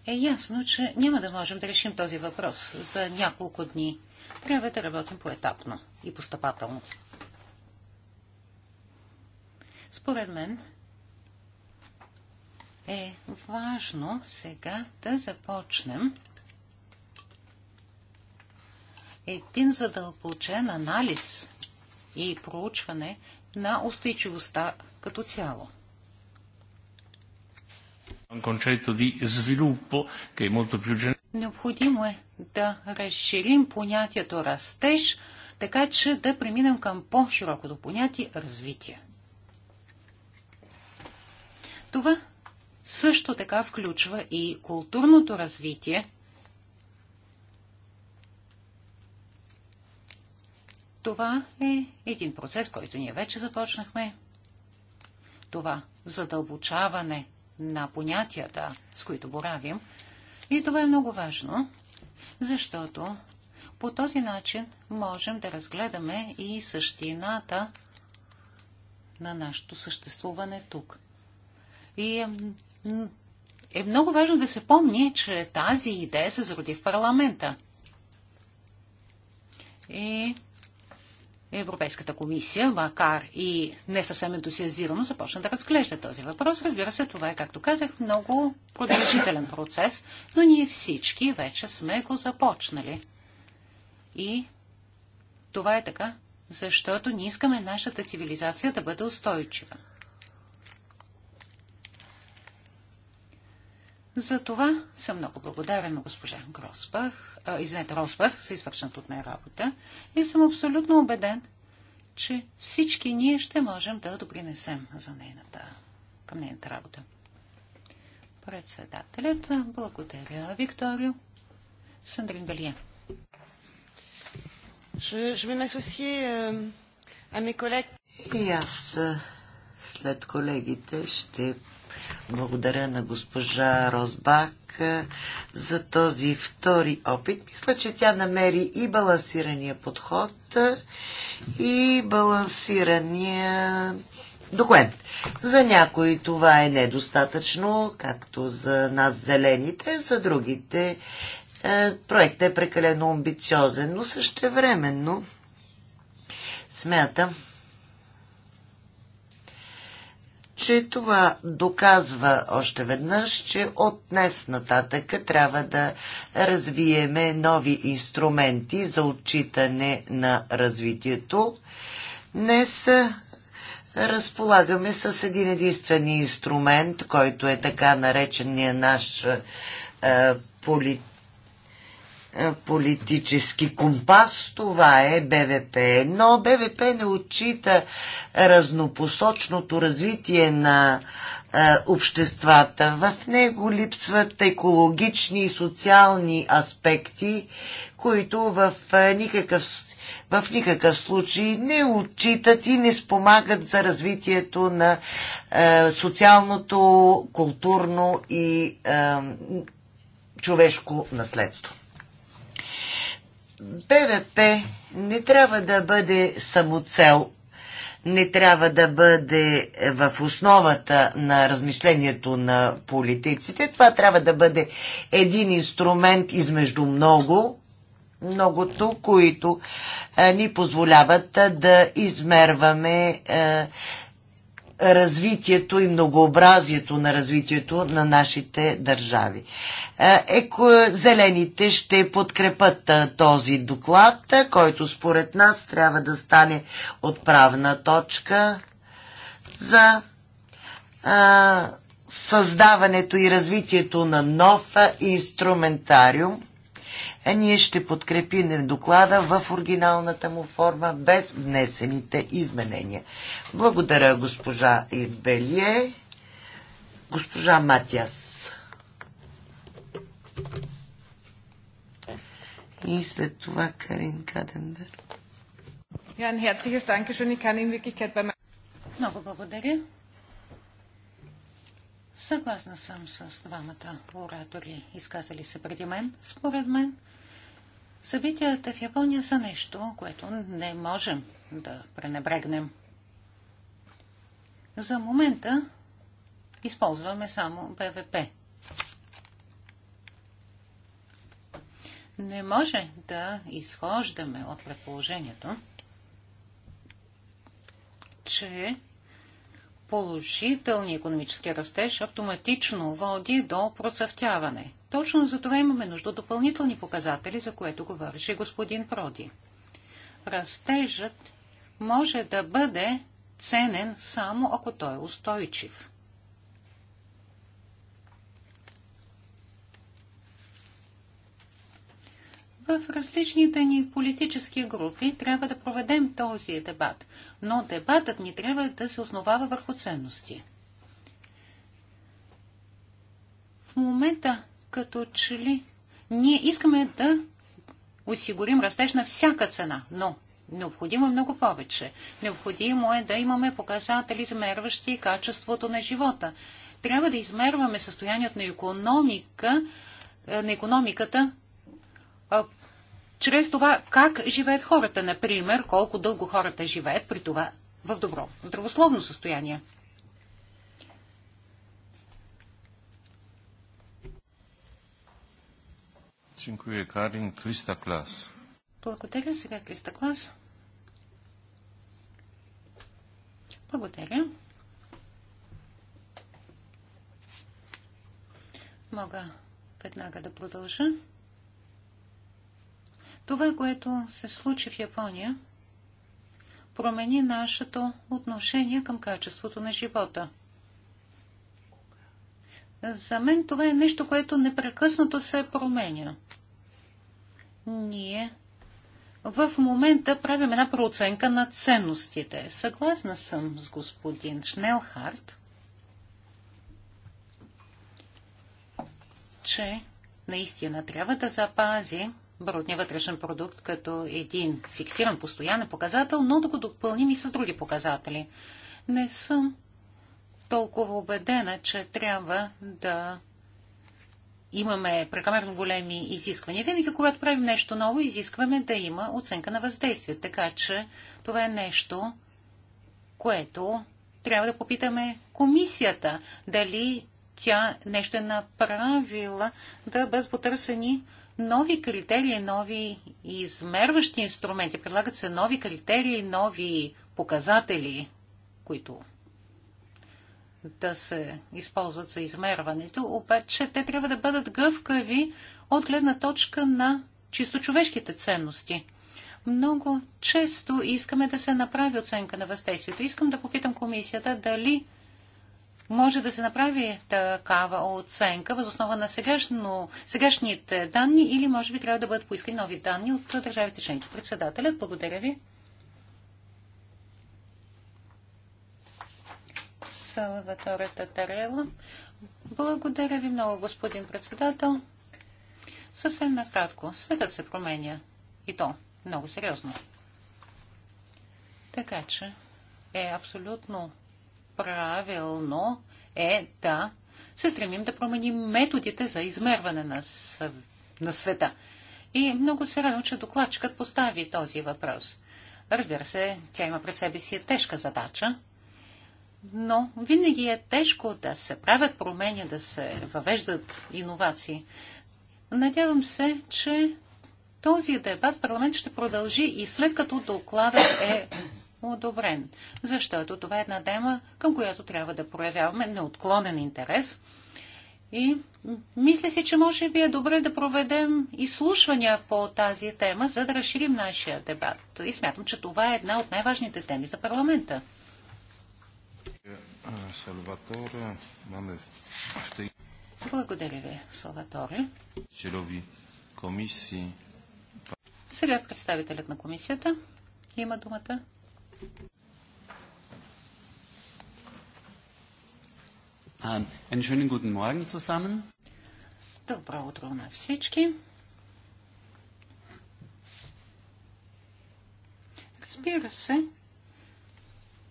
е ясно, че няма да можем да решим този въпрос за няколко дни. Трябва да работим поетапно и постъпателно. Според мен, е важно сега да започнем един задълбочен анализ и проучване на устойчивостта като цяло. Необходимо е да разширим понятието растеж, така че да преминем към по-широкото понятие развитие. Това също така включва и културното развитие. Това е един процес, който ние вече започнахме. Това задълбочаване на понятията, с които боравим. И това е много важно, защото по този начин можем да разгледаме и същината на нашето съществуване тук. И е е много важно да се помни, че тази идея се зароди в парламента. И Европейската комисия, макар и не съвсем ентусиазирано, започна да разглежда този въпрос. Разбира се, това е, както казах, много продължителен процес, но ние всички вече сме го започнали. И това е така, защото ние искаме нашата цивилизация да бъде устойчива. За това съм много благодарен на госпожа Гросбах, а, извинете, Росбах за извършената от нея работа и съм абсолютно убеден, че всички ние ще можем да допринесем за нейната, към нейната работа. Председателят, благодаря, Викторио. Сандрин Белия. Euh, и аз след колегите ще благодаря на госпожа Розбак за този втори опит. Мисля, че тя намери и балансирания подход, и балансирания документ. За някои това е недостатъчно, както за нас зелените, за другите проектът е прекалено амбициозен, но същевременно смятам, че това доказва още веднъж, че от днес нататък трябва да развиеме нови инструменти за отчитане на развитието. Днес разполагаме с един единствен инструмент, който е така наречения наш е, полит е, политически компас, това е БВП. Но БВП не отчита разнопосочното развитие на е, обществата. В него липсват екологични и социални аспекти, които в е, никакъв, в никакъв случай не отчитат и не спомагат за развитието на е, социалното, културно и е, човешко наследство. БВП не трябва да бъде самоцел, не трябва да бъде в основата на размишлението на политиците. Това трябва да бъде един инструмент измежду много, многото, които ни позволяват да измерваме развитието и многообразието на развитието на нашите държави. Е, еко, зелените ще подкрепат е, този доклад, е, който според нас трябва да стане отправна точка за създаването и развитието на нов инструментариум а ние ще подкрепим доклада в оригиналната му форма без внесените изменения. Благодаря госпожа Ибелие. Госпожа Матиас. И след това Карин Каденбер. Много благодаря. Съгласна съм с двамата оратори, изказали се преди мен. Според мен, Събитията в Япония са нещо, което не можем да пренебрегнем. За момента използваме само БВП. Не може да изхождаме от предположението, че положителният економически растеж автоматично води до процъфтяване – точно за това имаме нужда от допълнителни показатели, за което говореше господин Проди. Растежът може да бъде ценен само ако той е устойчив. В различните ни политически групи трябва да проведем този дебат, но дебатът ни трябва да се основава върху ценности. В момента като че ли ние искаме да осигурим растеж на всяка цена, но необходимо е много повече. Необходимо е да имаме показатели, измерващи качеството на живота. Трябва да измерваме състоянието на, економика, е, на економиката чрез това как живеят хората, например, колко дълго хората живеят при това в добро здравословно състояние. Dziękuję, Karin. Krista Благодаря. Сега Криста Клас. Благодаря. Мога веднага да продължа. Това, което се случи в Япония, промени нашето отношение към качеството на живота – за мен това е нещо, което непрекъснато се променя. Ние в момента правим една прооценка на ценностите. Съгласна съм с господин Шнелхарт, че наистина трябва да запази брутния вътрешен продукт като един фиксиран постоянен показател, но да го допълним и с други показатели. Не съм толкова убедена, че трябва да имаме прекомерно големи изисквания. Винаги, когато правим нещо ново, изискваме да има оценка на въздействие. Така че това е нещо, което трябва да попитаме комисията, дали тя нещо е направила да бъдат потърсени нови критерии, нови измерващи инструменти. Предлагат се нови критерии, нови показатели, които да се използват за измерването, обаче те трябва да бъдат гъвкави от гледна точка на чисто човешките ценности. Много често искаме да се направи оценка на въздействието. Искам да попитам комисията дали може да се направи такава оценка възоснова на сегашно, сегашните данни или може би трябва да бъдат поискани нови данни от държавите членки. Председателят, благодаря ви. Салваторе Тарела. Благодаря ви много, господин председател. Съвсем накратко, светът се променя. И то много сериозно. Така че е абсолютно правилно е да се стремим да променим методите за измерване на, на света. И много се радвам, че докладчикът постави този въпрос. Разбира се, тя има пред себе си тежка задача, но винаги е тежко да се правят промени, да се въвеждат иновации. Надявам се, че този дебат в парламент ще продължи и след като докладът е одобрен, защото това е една тема, към която трябва да проявяваме неотклонен интерес. И мисля си, че може би е добре да проведем изслушвания по тази тема, за да разширим нашия дебат. И смятам, че това е една от най-важните теми за парламента. Салваторе, в Благодаря ви, Салваторе. комисии. Сега представителят на комисията има думата. Einen schönen guten Morgen zusammen. Добро утро на всички. Разбира се,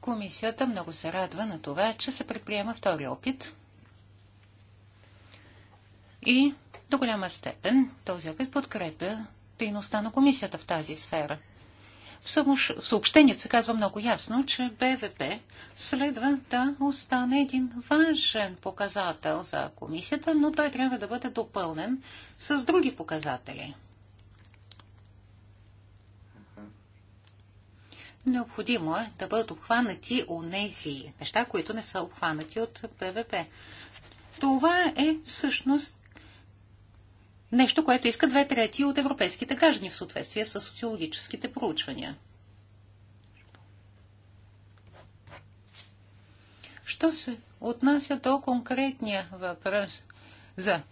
Комисията много се радва на това, че се предприема втори опит. И до голяма степен този опит подкрепя дейността на комисията в тази сфера. В съобщението се казва много ясно, че БВП следва да остане един важен показател за комисията, но той трябва да бъде допълнен с други показатели. Необходимо е да бъдат обхванати онези неща, които не са обхванати от ПВП. Това е всъщност нещо, което иска две трети от европейските граждани в съответствие с социологическите проучвания. Що се отнася до конкретния въпрос за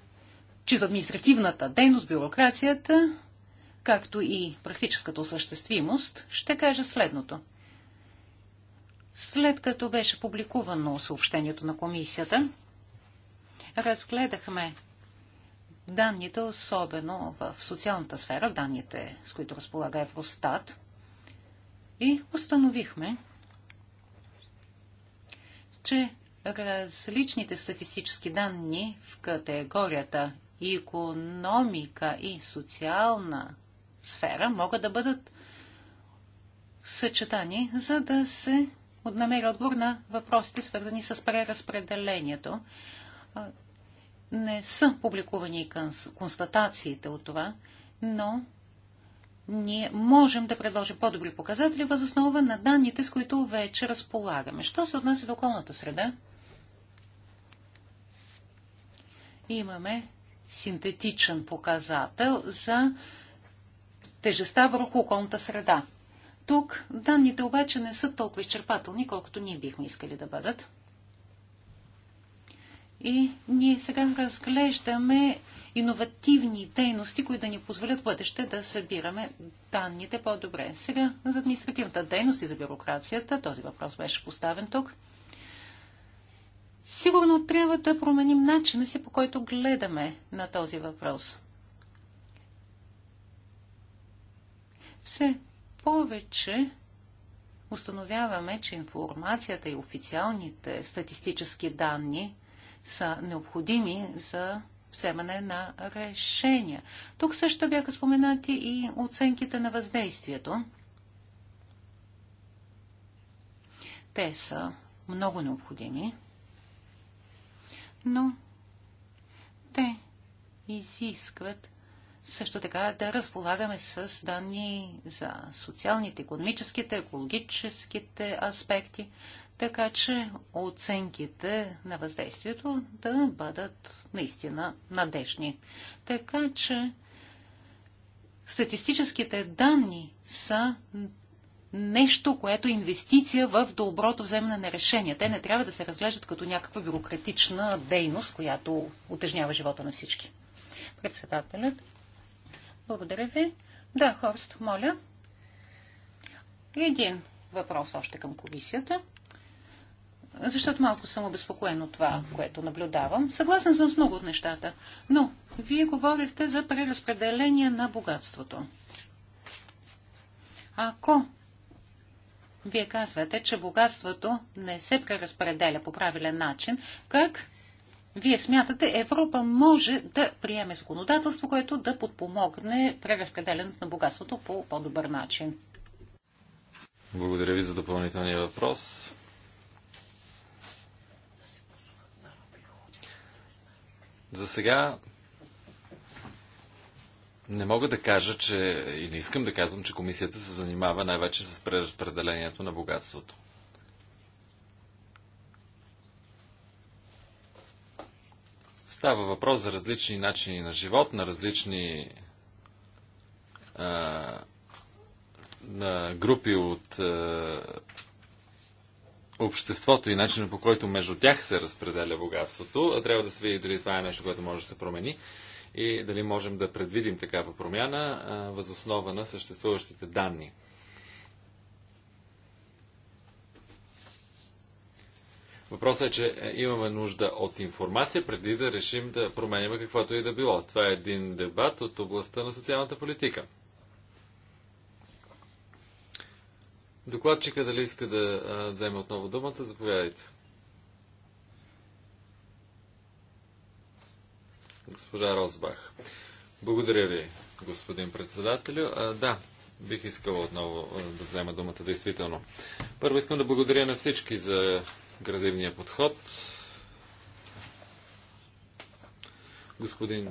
чрез административната дейност, бюрокрацията, както и практическата осъществимост, ще кажа следното. След като беше публикувано съобщението на комисията, разгледахме данните, особено в социалната сфера, данните, с които разполага Евростат, и установихме, че различните статистически данни в категорията економика и социална сфера могат да бъдат съчетани, за да се намери отговор на въпросите, свързани с преразпределението. Не са публикувани констатациите от това, но ние можем да предложим по-добри показатели въз основа на данните, с които вече разполагаме. Що се отнася до околната среда? Имаме синтетичен показател за тежеста върху околната среда. Тук данните обаче не са толкова изчерпателни, колкото ние бихме искали да бъдат. И ние сега разглеждаме иновативни дейности, които да ни позволят бъдеще да събираме данните по-добре. Сега за административната дейност и за бюрокрацията, този въпрос беше поставен тук. Сигурно трябва да променим начина си, по който гледаме на този въпрос. Все повече установяваме, че информацията и официалните статистически данни са необходими за вземане на решения. Тук също бяха споменати и оценките на въздействието. Те са много необходими, но те изискват също така да разполагаме с данни за социалните, економическите, екологическите аспекти, така че оценките на въздействието да бъдат наистина надежни. Така че статистическите данни са нещо, което е инвестиция в доброто вземане на решения. Те не трябва да се разглеждат като някаква бюрократична дейност, която отежнява живота на всички. Председателят. Благодаря ви. Да, Хорст, моля. Един въпрос още към комисията. Защото малко съм обезпокоен от това, което наблюдавам. Съгласен съм с много от нещата. Но вие говорихте за преразпределение на богатството. Ако вие казвате, че богатството не се преразпределя по правилен начин, как вие смятате, Европа може да приеме законодателство, което да подпомогне преразпределянето на богатството по по-добър начин. Благодаря ви за допълнителния въпрос. За сега не мога да кажа, че и не искам да казвам, че комисията се занимава най-вече с преразпределението на богатството. Става въпрос за различни начини на живот, на различни а, на групи от а, обществото и начина по който между тях се разпределя богатството. А трябва да се види дали това е нещо, което може да се промени и дали можем да предвидим такава промяна възоснова на съществуващите данни. Въпросът е, че е, имаме нужда от информация преди да решим да променяме каквото и да било. Това е един дебат от областта на социалната политика. Докладчика дали иска да вземе отново думата, заповядайте. Госпожа Розбах. Благодаря ви, господин председателю. А, да, бих искал отново да взема думата, действително. Първо искам да благодаря на всички за градивния подход. Господин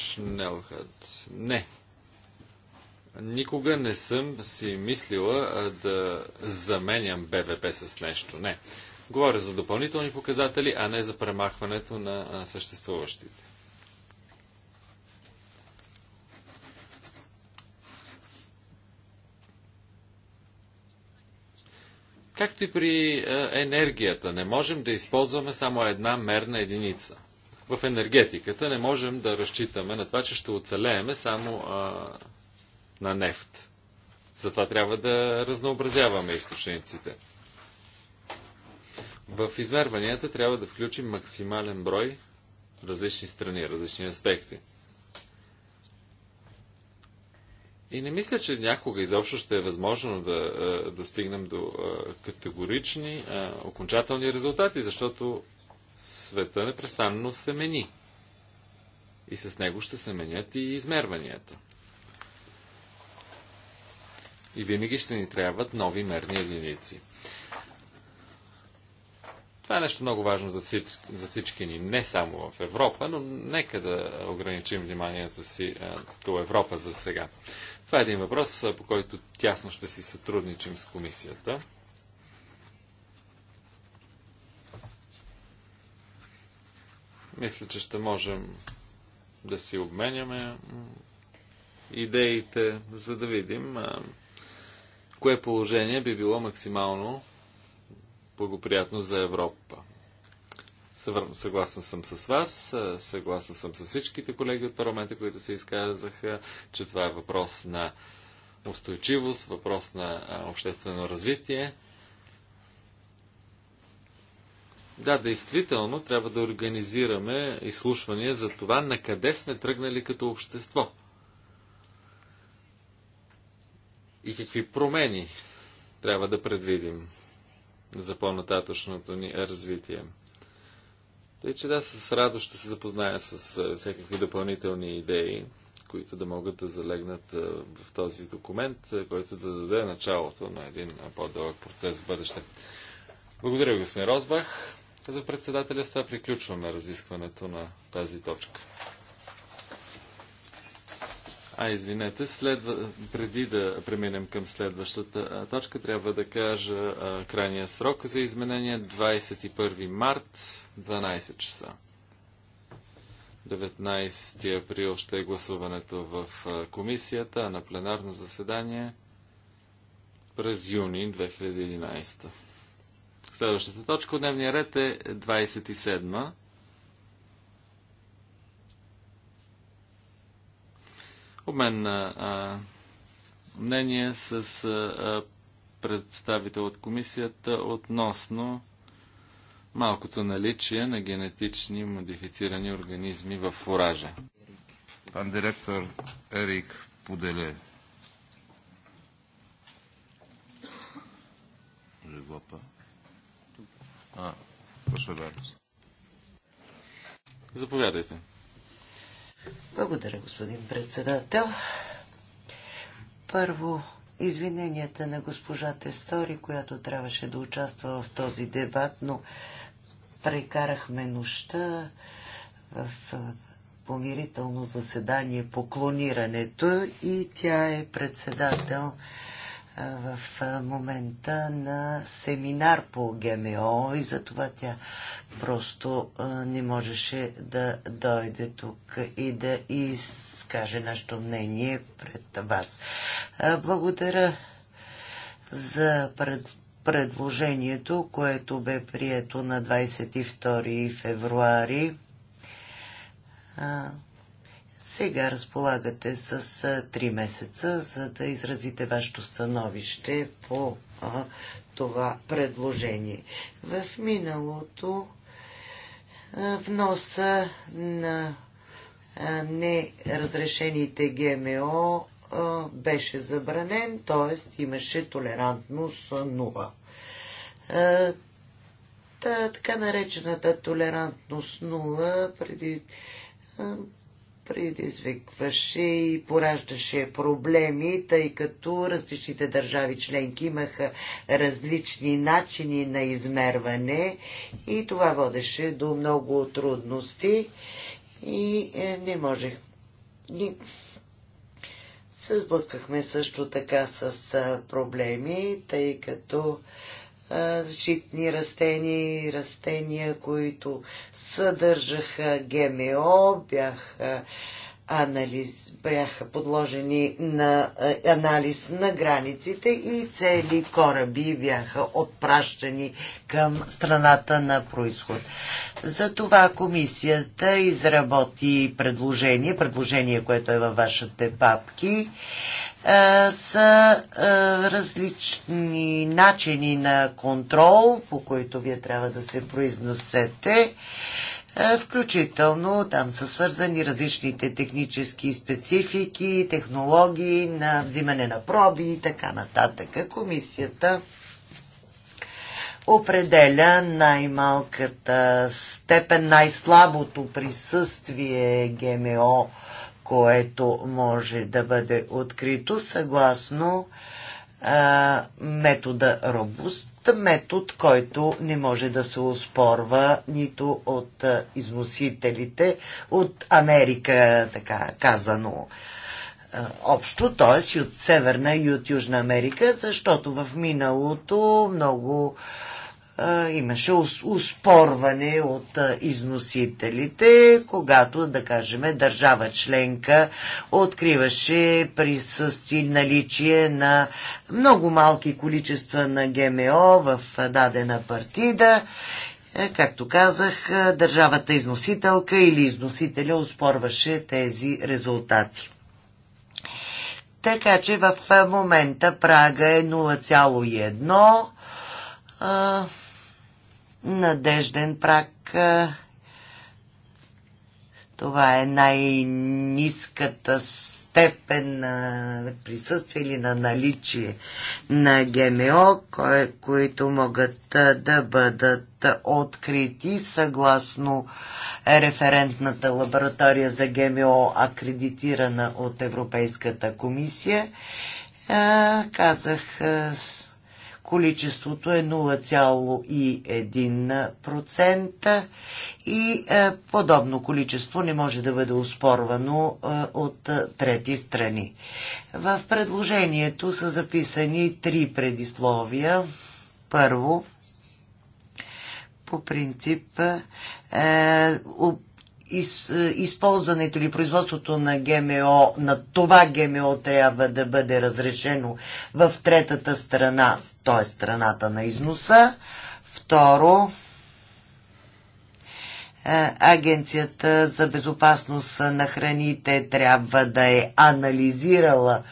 Шнелхът. Не. Никога не съм си мислила да заменям БВП с нещо. Не. Говоря за допълнителни показатели, а не за премахването на съществуващите. Както и при е, енергията, не можем да използваме само една мерна единица. В енергетиката не можем да разчитаме на това, че ще оцелееме само а, на нефт. Затова трябва да разнообразяваме източниците. В измерванията трябва да включим максимален брой различни страни, различни аспекти. И не мисля, че някога изобщо ще е възможно да е, достигнем до е, категорични, е, окончателни резултати, защото света непрестанно се мени. И с него ще се менят и измерванията. И винаги ще ни трябват нови мерни единици. Това е нещо много важно за всички, за всички ни, не само в Европа, но нека да ограничим вниманието си до Европа за сега. Това е един въпрос, по който тясно ще си сътрудничим с комисията. Мисля, че ще можем да си обменяме идеите, за да видим кое положение би било максимално благоприятно за Европа. Съгласен съм с вас, съгласен съм с всичките колеги от парламента, които се изказаха, че това е въпрос на устойчивост, въпрос на обществено развитие. Да, действително трябва да организираме изслушвания за това на къде сме тръгнали като общество. И какви промени трябва да предвидим за по-нататъчното ни развитие. Тъй, че да, с радост ще се запозная с всякакви допълнителни идеи, които да могат да залегнат в този документ, който да даде началото на един по-дълъг процес в бъдеще. Благодаря ви, господин Розбах. За председателя с това приключваме разискването на тази точка. А, извинете, следва, преди да преминем към следващата точка, трябва да кажа а, крайния срок за изменение 21 март, 12 часа. 19 април ще е гласуването в комисията, на пленарно заседание през юни 2011. Следващата точка от дневния ред е 27 Обмен на а, мнение с а, представител от комисията относно малкото наличие на генетични модифицирани организми в фуража. Пан директор Ерик Поделе. Живопа. А, Заповядайте. Благодаря, господин председател. Първо, извиненията на госпожа Тестори, която трябваше да участва в този дебат, но прекарахме нощта в помирително заседание по клонирането и тя е председател в момента на семинар по ГМО и затова тя просто не можеше да дойде тук и да изкаже нашето мнение пред вас. Благодаря за пред предложението, което бе прието на 22 февруари сега разполагате с 3 месеца, за да изразите вашето становище по а, това предложение. В миналото а, вноса на а, неразрешените ГМО а, беше забранен, т.е. имаше толерантност 0. Та, така наречената толерантност нула преди предизвикваше и пораждаше проблеми, тъй като различните държави членки имаха различни начини на измерване и това водеше до много трудности и е, не можех. И се сблъскахме също така с проблеми, тъй като защитни растения и растения, които съдържаха ГМО, бяха анализ, бяха подложени на е, анализ на границите и цели кораби бяха отпращани към страната на происход. Затова комисията изработи предложение, предложение, което е във вашите папки, е, са е, различни начини на контрол, по които вие трябва да се произнесете е, включително там са свързани различните технически специфики, технологии на взимане на проби и така нататък. Комисията определя най-малката степен, най-слабото присъствие ГМО, което може да бъде открито съгласно а, е, метода робуст метод, който не може да се оспорва нито от износителите от Америка, така казано общо, т.е. и от Северна и от Южна Америка, защото в миналото много имаше успорване от износителите, когато, да кажем, държава членка откриваше присъствие наличие на много малки количества на ГМО в дадена партида. Е, както казах, държавата износителка или износителя успорваше тези резултати. Така че в момента прага е 0,1 надежден прак. Това е най-низката степен на присъствие или на наличие на ГМО, кои, които могат да бъдат открити съгласно референтната лаборатория за ГМО, акредитирана от Европейската комисия. Казах количеството е 0,1% и е, подобно количество не може да бъде успорвано е, от е, трети страни. В предложението са записани три предисловия. Първо, по принцип, из, е, използването или производството на ГМО, на това ГМО трябва да бъде разрешено в третата страна, т.е. страната на износа. Второ, е, Агенцията за безопасност на храните трябва да е анализирала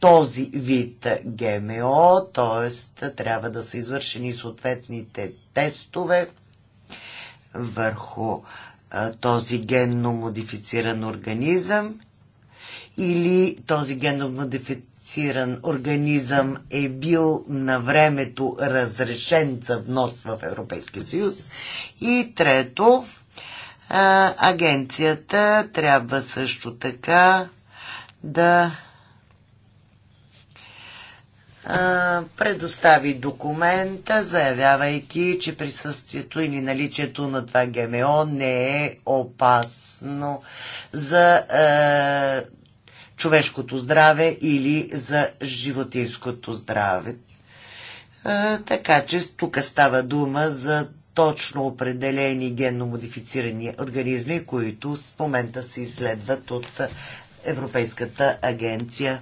този вид ГМО, т.е. трябва да са извършени съответните тестове върху този генно модифициран организъм или този генно модифициран организъм е бил на времето разрешен за внос в Европейския съюз. И трето, агенцията трябва също така да предостави документа, заявявайки, че присъствието или наличието на това ГМО не е опасно за човешкото здраве или за животинското здраве. така че тук става дума за точно определени генно модифицирани организми, които в момента се изследват от Европейската агенция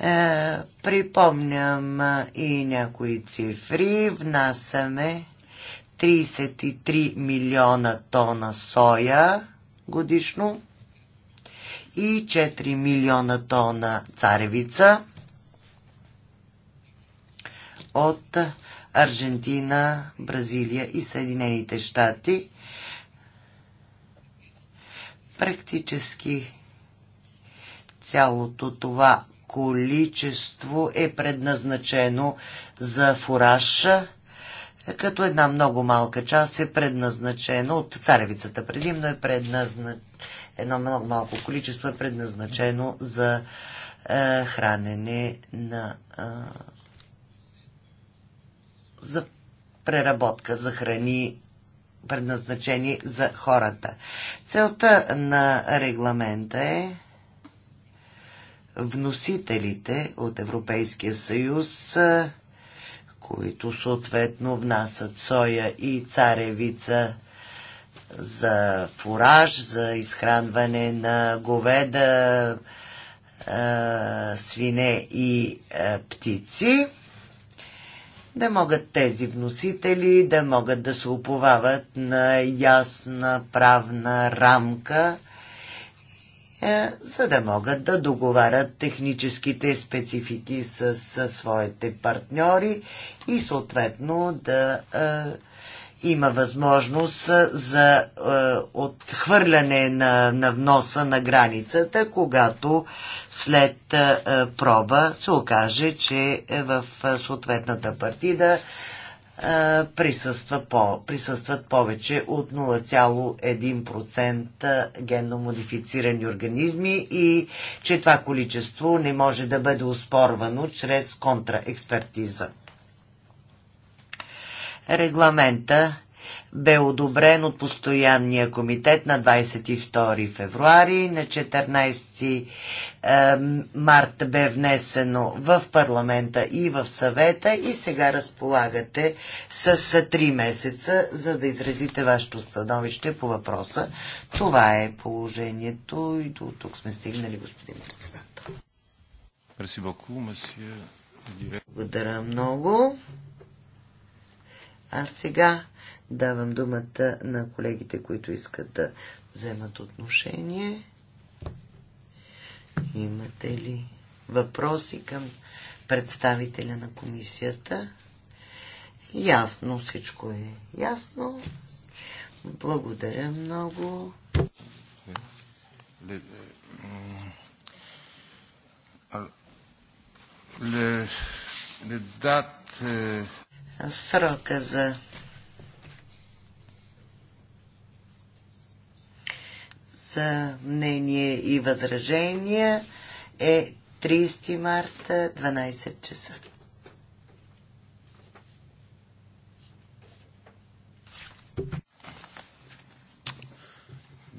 е, припомням и някои цифри. Внасяме 33 милиона тона соя годишно и 4 милиона тона царевица от Аржентина, Бразилия и Съединените щати. Практически цялото това количество е предназначено за фураша, като една много малка част е предназначена от царевицата предимно е предназначено, едно много малко количество е предназначено за е, хранене на е, за преработка за храни предназначени за хората. Целта на регламента е вносителите от Европейския съюз, които съответно внасят соя и царевица за фураж, за изхранване на говеда, свине и птици, да могат тези вносители да могат да се уповават на ясна правна рамка, е, за да могат да договарят техническите специфики с, с своите партньори и съответно да е, има възможност за е, отхвърляне на, на вноса на границата, когато след е, проба се окаже, че е в е, съответната партида присъства по, присъстват повече от 0,1% генно модифицирани организми и че това количество не може да бъде успорвано чрез контраекспертиза. Регламента бе одобрен от постоянния комитет на 22 февруари, на 14 е, март бе внесено в парламента и в съвета и сега разполагате с 3 е, месеца, за да изразите вашето становище по въпроса. Това е положението и до тук сме стигнали, господин председател. Благодаря много. А сега Давам думата на колегите, които искат да вземат отношение. Имате ли въпроси към представителя на комисията? Явно всичко е ясно. Благодаря много. Е, Срока за мнение и възражения е 30 марта, 12 часа.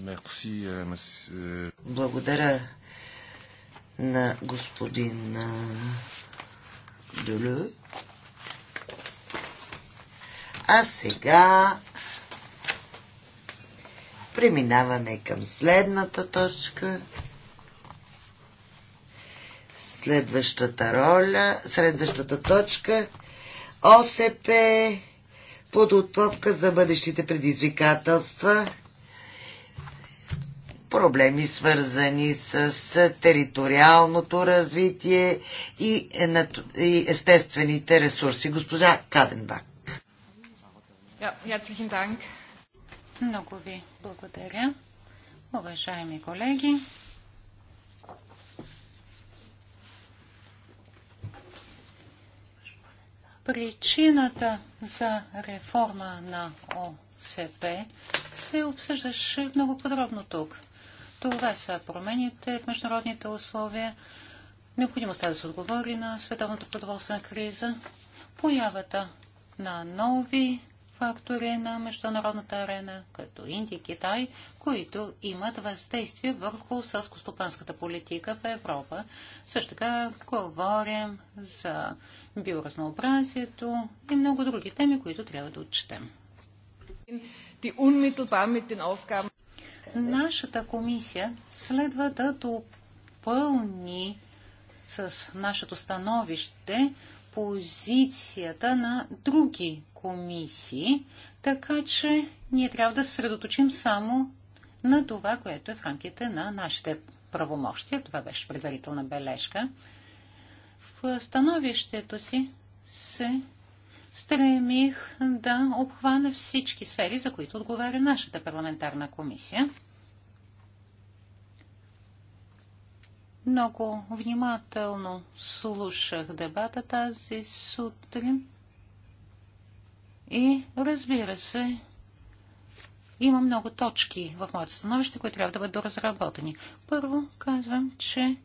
Е, е. Благодаря на господин Дюлю. А сега Преминаваме към следната точка. Следващата роля, следващата точка. ОСП подготовка за бъдещите предизвикателства, проблеми свързани с териториалното развитие и е, естествените ресурси. Госпожа Каденбак. Ja, herzlichen Dank. Много ви благодаря, уважаеми колеги. Причината за реформа на ОСП се обсъждаше много подробно тук. Това са промените в международните условия, необходимостта да се отговори на световната продоволствена криза, появата на нови фактори на международната арена, като Индия, и Китай, които имат въздействие върху съскостопанската политика в Европа. Също така говорим за биоразнообразието и много други теми, които трябва да отчетем. Нашата комисия следва да допълни с нашето становище позицията на други комисии, така че ние трябва да се средоточим само на това, което е в рамките на нашите правомощия. Това беше предварителна бележка. В становището си се стремих да обхвана всички сфери, за които отговаря нашата парламентарна комисия. Много внимателно слушах дебата тази сутрин и разбира се, има много точки в моето становище, които трябва да бъдат доразработени. Първо казвам, че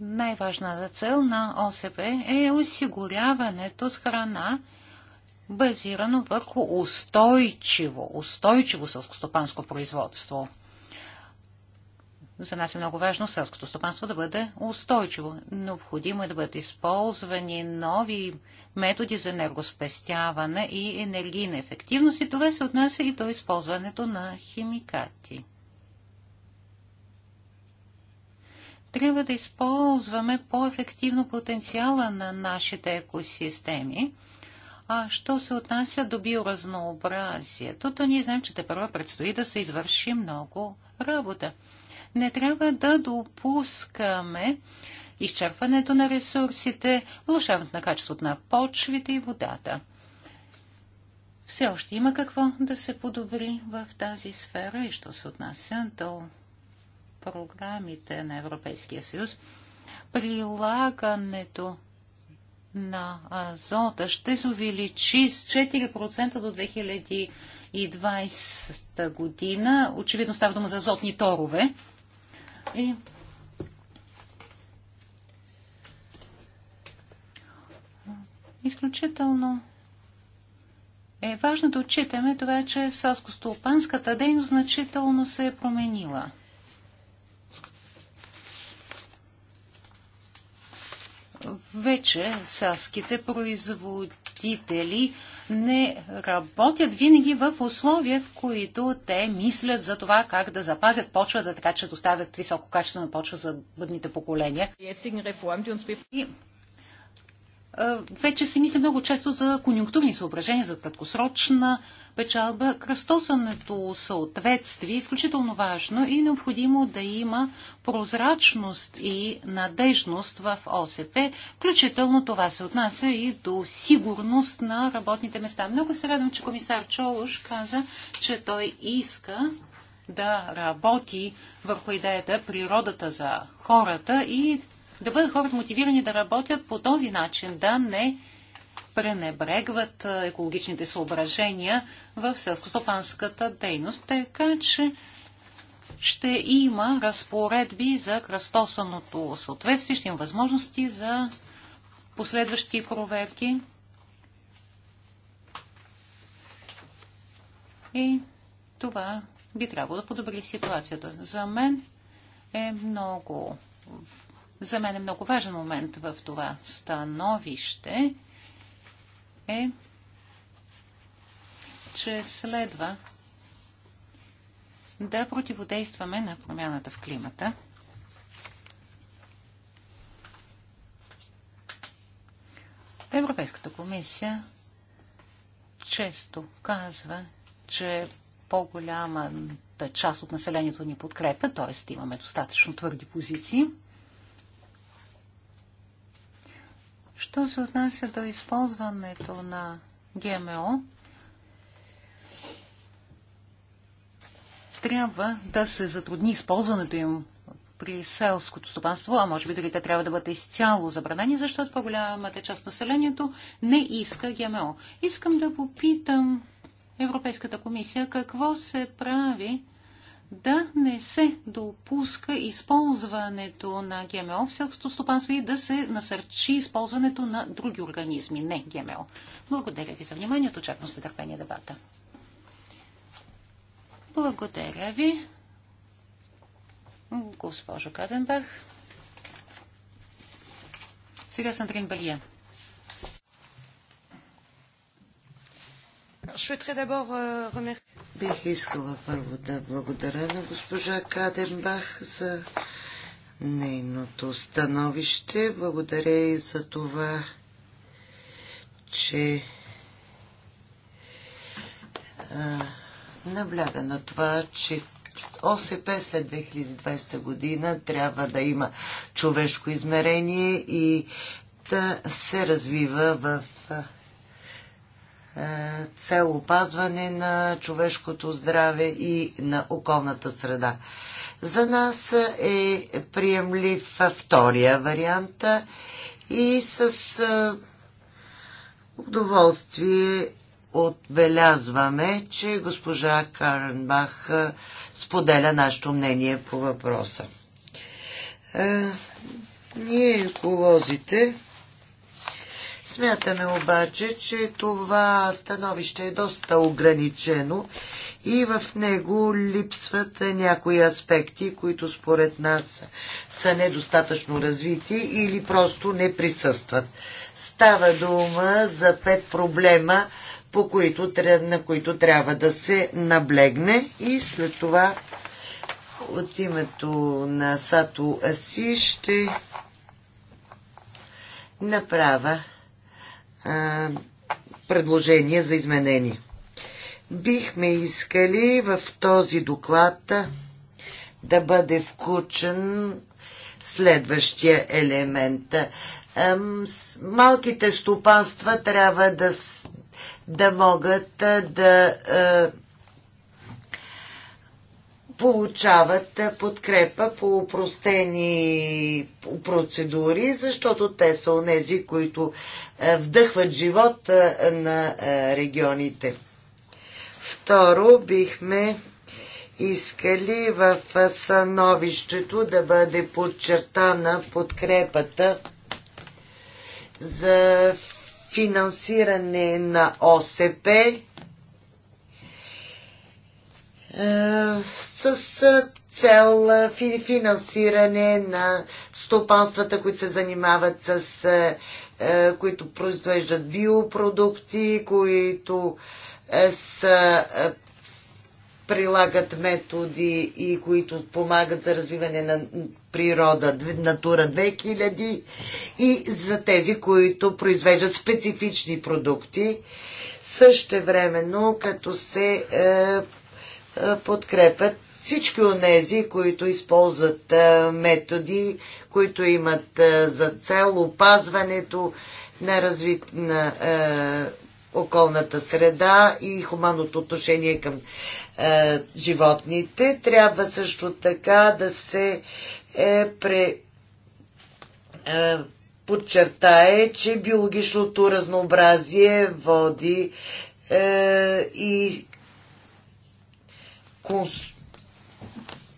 най-важната цел на ОСП е осигуряването с храна, базирано върху устойчиво, устойчиво сълскостопанско производство – за нас е много важно селското стопанство да бъде устойчиво. Необходимо е да бъдат използвани нови методи за енергоспестяване и енергийна ефективност и това се отнася и до използването на химикати. Трябва да използваме по-ефективно потенциала на нашите екосистеми. А що се отнася до биоразнообразието, то ние знаем, че те първо предстои да се извърши много работа. Не трябва да допускаме изчерпването на ресурсите, влушаването на качеството на почвите и водата. Все още има какво да се подобри в тази сфера и що се отнася до програмите на Европейския съюз. Прилагането на азота ще се увеличи с 4% до 2020 година. Очевидно става дума за азотни торове. И изключително е важно да отчитаме това, че селско-столпанската дейност значително се е променила. Вече селските производители посетители не работят винаги в условия, в които те мислят за това как да запазят почвата, така че доставят високо на почва за бъдните поколения. И вече се мисли много често за конюнктурни съображения, за краткосрочна печалба. Кръстосането съответствие е изключително важно и необходимо да има прозрачност и надежност в ОСП. Включително това се отнася и до сигурност на работните места. Много се радвам, че комисар Чолуш каза, че той иска да работи върху идеята природата за хората и да бъдат хората мотивирани да работят по този начин, да не пренебрегват екологичните съображения в селскостопанската дейност. Така че ще има разпоредби за кръстосаното съответствие, ще има възможности за последващи проверки. И това би трябвало да подобри ситуацията. За мен е много за мен е много важен момент в това становище е, че следва да противодействаме на промяната в климата. Европейската комисия често казва, че по-голямата част от населението ни подкрепя, т.е. имаме достатъчно твърди позиции – Що се отнася до използването на ГМО, трябва да се затрудни използването им при селското стопанство, а може би дори те трябва да бъдат изцяло забранени, защото по-голямата част населението не иска ГМО. Искам да попитам Европейската комисия какво се прави да не се допуска използването на ГМО в селското стопанство и да се насърчи използването на други организми, не ГМО. Благодаря ви за вниманието. Очаквам с търпение дебата. Благодаря ви, госпожо Каденбах. Сега Сандрин Балия. Euh, Бих искала първо да благодаря на госпожа Каденбах за нейното становище. Благодаря и за това, че а, набляга на това, че ОСП след 2020 година трябва да има човешко измерение и да се развива в е, цел опазване на човешкото здраве и на околната среда. За нас е приемлив втория вариант и с е, удоволствие отбелязваме, че госпожа Каренбах е, споделя нашето мнение по въпроса. Ние еколозите Смятаме обаче, че това становище е доста ограничено и в него липсват някои аспекти, които според нас са недостатъчно развити или просто не присъстват. Става дума за пет проблема, по които, на които трябва да се наблегне и след това от името на Сато Аси ще направя а, предложения за изменение. Бихме искали в този доклад да бъде включен следващия елемент. Малките стопанства трябва да, да могат да получават подкрепа по упростени процедури, защото те са онези, които вдъхват живот на регионите. Второ, бихме искали в становището да бъде подчертана подкрепата за финансиране на ОСП е, с цел финансиране на стопанствата, които се занимават с е, е, които произвеждат биопродукти, които са, прилагат методи и които помагат за развиване на природа Натура 2000 и за тези, които произвеждат специфични продукти. също времено, като се е, е, подкрепят всички тези, които използват е, методи, които имат е, за цел опазването на, развит на околната среда и хуманното отношение към е, животните. Трябва също така да се е, пре, е, подчертае, че биологичното разнообразие води е, и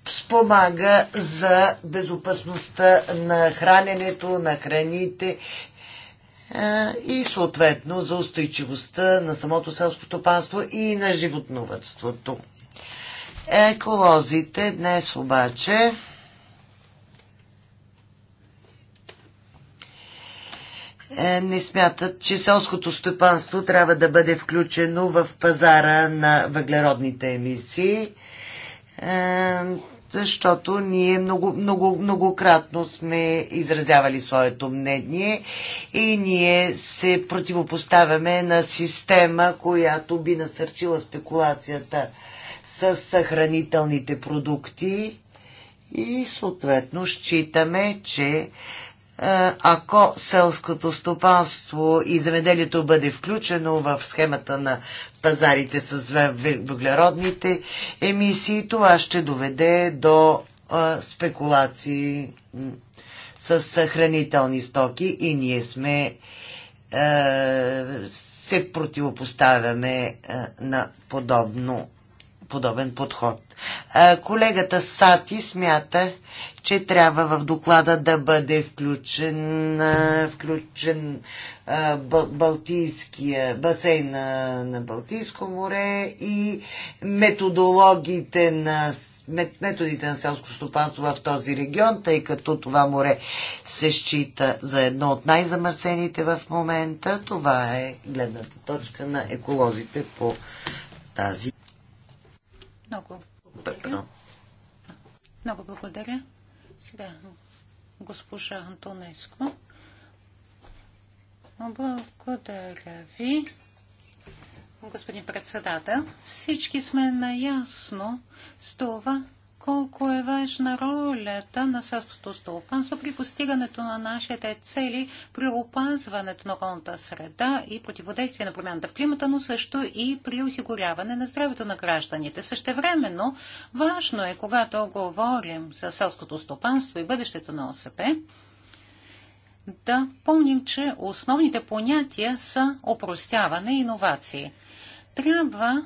спомага за безопасността на храненето, на храните е, и съответно за устойчивостта на самото селско стопанство и на животновътството. Еколозите днес обаче Е, не смятат, че селското стопанство трябва да бъде включено в пазара на въглеродните емисии, е, защото ние много, много, многократно сме изразявали своето мнение и ние се противопоставяме на система, която би насърчила спекулацията с съхранителните продукти и съответно считаме, че е, ако селското стопанство и земеделието бъде включено в схемата на пазарите с въглеродните емисии, това ще доведе до е, спекулации с хранителни стоки и ние сме е, се противопоставяме на подобно, подобен подход. Колегата Сати смята, че трябва в доклада да бъде включен, включен Балтийския басейн на, на Балтийско море и методологите на методите на селско стопанство в този регион, тъй като това море се счита за едно от най-замърсените в момента. Това е гледната точка на еколозите по тази. Много Петра. Много благодаря. Сега госпожа Антонеско. Благодаря ви, господин председател. Всички сме наясно с това, колко е важна ролята на селското стопанство при постигането на нашите цели, при опазването на околната среда и противодействие на промяната в климата, но също и при осигуряване на здравето на гражданите. Същевременно важно е, когато говорим за селското стопанство и бъдещето на ОСП, да помним, че основните понятия са опростяване и иновации. Трябва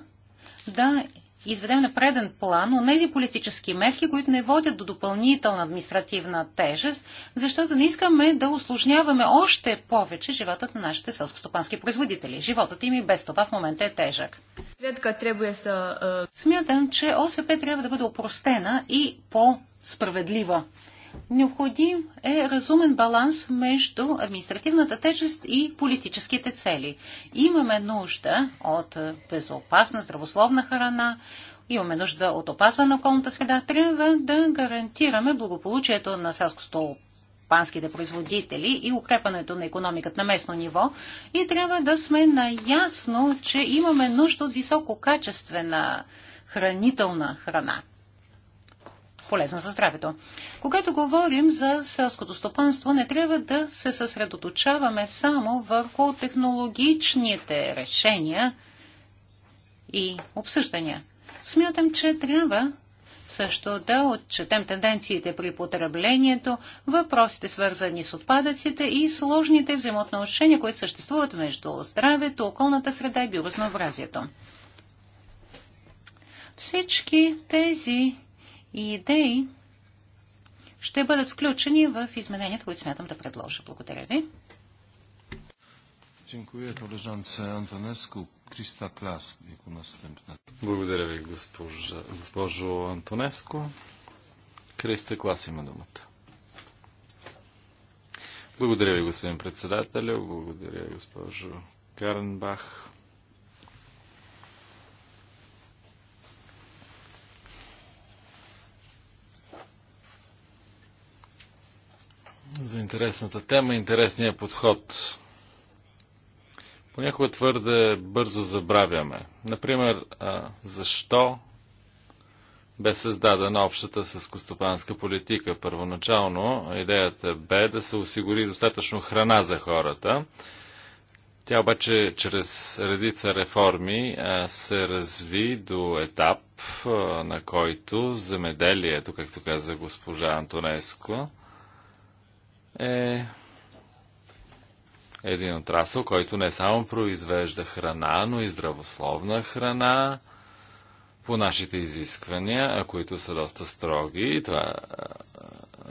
да изведем на преден план от тези политически мерки, които не водят до допълнителна административна тежест, защото не искаме да осложняваме още повече живота на нашите селскостопански производители. Животът им и без това в момента е тежък. Смятам, че ОСП трябва да бъде опростена и по-справедлива. Необходим е разумен баланс между административната тежест и политическите цели. Имаме нужда от безопасна, здравословна храна, имаме нужда от опазване на околната среда, трябва да гарантираме благополучието на селското панските производители и укрепването на економиката на местно ниво. И трябва да сме наясно, че имаме нужда от висококачествена хранителна храна полезна за здравето. Когато говорим за селското стопанство, не трябва да се съсредоточаваме само върху технологичните решения и обсъждания. Смятам, че трябва също да отчетем тенденциите при потреблението, въпросите свързани с отпадъците и сложните взаимоотношения, които съществуват между здравето, околната среда и биоразнообразието. Всички тези и идеи ще бъдат включени в измененията, които смятам да предложа. Благодаря ви. Благодаря ви, госпожа, госпожо Антонеско. Криста Клас има думата. Благодаря ви, господин председател, Благодаря, госпожо Карнбах. за интересната тема, интересния подход. Понякога твърде бързо забравяме. Например, защо бе създадена общата съскостопанска политика. Първоначално идеята бе да се осигури достатъчно храна за хората. Тя обаче чрез редица реформи се разви до етап, на който земеделието, както каза госпожа Антонеско, е един отрасъл, който не само произвежда храна, но и здравословна храна по нашите изисквания, а които са доста строги. Това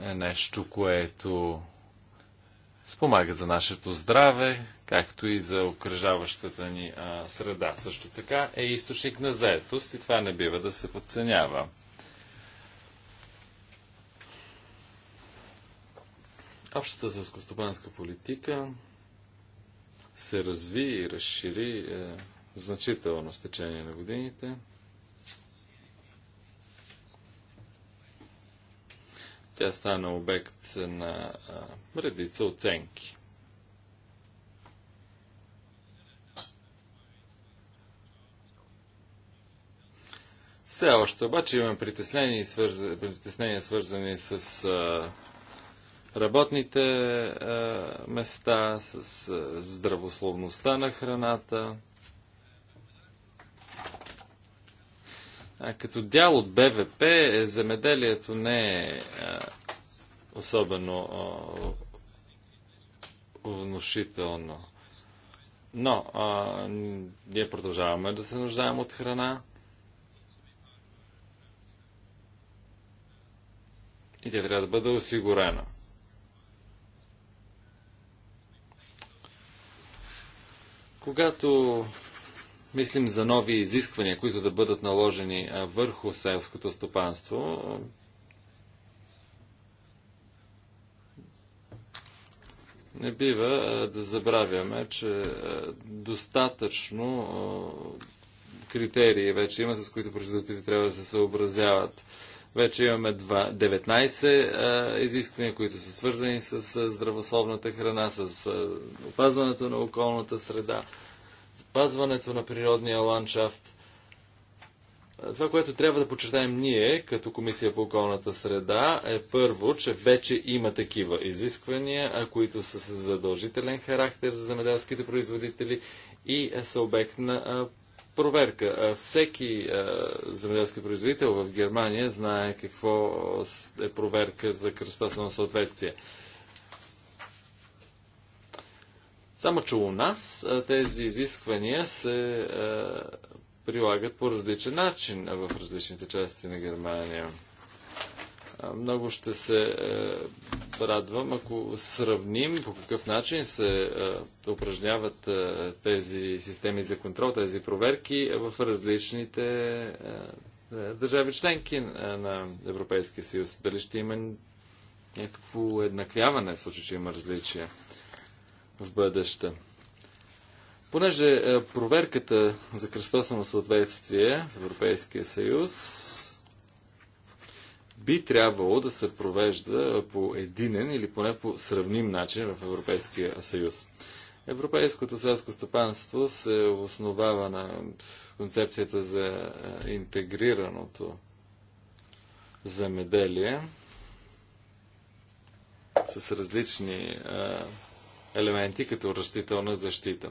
е, е нещо, което спомага за нашето здраве, както и за окръжаващата ни а, среда. Също така е източник на заетост и това не бива да се подценява. Общата селскостопанска политика се разви и разшири е, значително с течение на годините. Тя стана обект на е, редица оценки. Все още обаче имаме притеснения, свърз... притеснения свързани с е, работните места, с здравословността на храната. А като дял от БВП, е, земеделието не е особено внушително. Но а, ние продължаваме да се нуждаем от храна. И тя трябва да бъде осигурена. Когато мислим за нови изисквания, които да бъдат наложени върху селското стопанство, не бива да забравяме, че достатъчно критерии вече има, с които производителите трябва да се съобразяват. Вече имаме 19 изисквания, които са свързани с здравословната храна, с опазването на околната среда, опазването на природния ландшафт. Това, което трябва да почетаем ние, като Комисия по околната среда, е първо, че вече има такива изисквания, които са с задължителен характер за земеделските производители и са обект на проверка. Всеки земеделски производител в Германия знае какво е проверка за кръстосано съответствие. Само, че у нас тези изисквания се прилагат по различен начин в различните части на Германия. Много ще се е, радвам, ако сравним по какъв начин се е, упражняват е, тези системи за контрол, тези проверки в различните държави членки на Европейския съюз. Дали ще има някакво еднаквяване в случай, че има различия в бъдеще. Понеже проверката за кръстосано съответствие в Европейския съюз би трябвало да се провежда по единен или поне по сравним начин в Европейския съюз. Европейското селско стопанство се основава на концепцията за е, интегрираното земеделие с различни е, елементи, като растителна защита.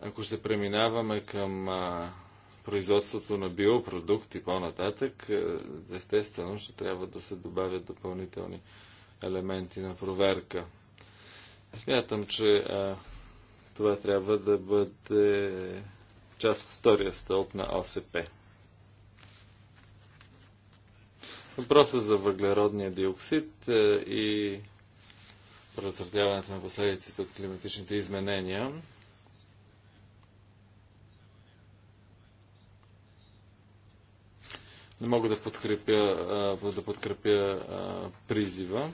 Ако ще преминаваме към а, е, производството на биопродукти по-нататък, е, естествено ще трябва да се добавят допълнителни елементи на проверка. Смятам, че а, това трябва да бъде част от втория стълб на ОСП. Въпросът за въглеродния диоксид е, и предотвратяването на последиците от климатичните изменения Не мога да подкрепя, да подкрепя призива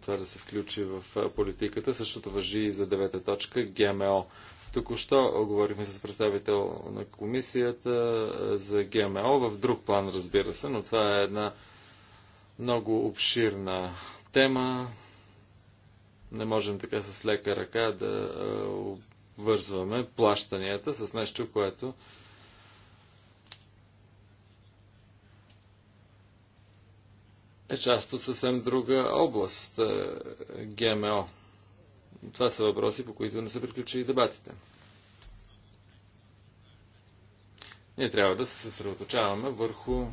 това да се включи в политиката. Същото въжи и за девета точка ГМО. Току-що говорихме с представител на комисията за ГМО в друг план, разбира се, но това е една много обширна тема. Не можем така с лека ръка да вързваме плащанията с нещо, което е част от съвсем друга област е, ГМО. Това са въпроси, по които не са приключили дебатите. Ние трябва да се съсредоточаваме върху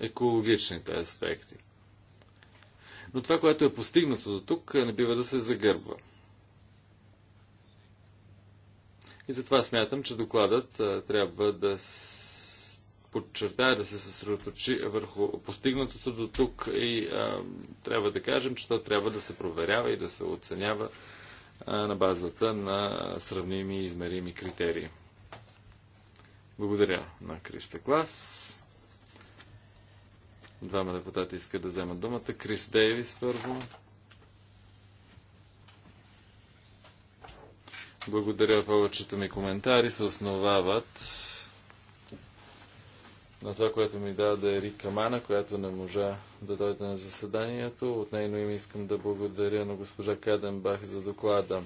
екологичните аспекти. Но това, което е постигнато до тук, не бива да се загърбва. И затова смятам, че докладът е, трябва да подчертая, да се съсредоточи върху постигнатото до тук и а, трябва да кажем, че то трябва да се проверява и да се оценява а, на базата на сравними и измерими критерии. Благодаря на Криста Клас. Двама депутати искат да вземат думата. Крис Дейвис първо. Благодаря. Повечето ми коментари се основават на това, което ми даде Рика Мана, която не можа да дойде на заседанието. От нейно им искам да благодаря на госпожа Каденбах за доклада.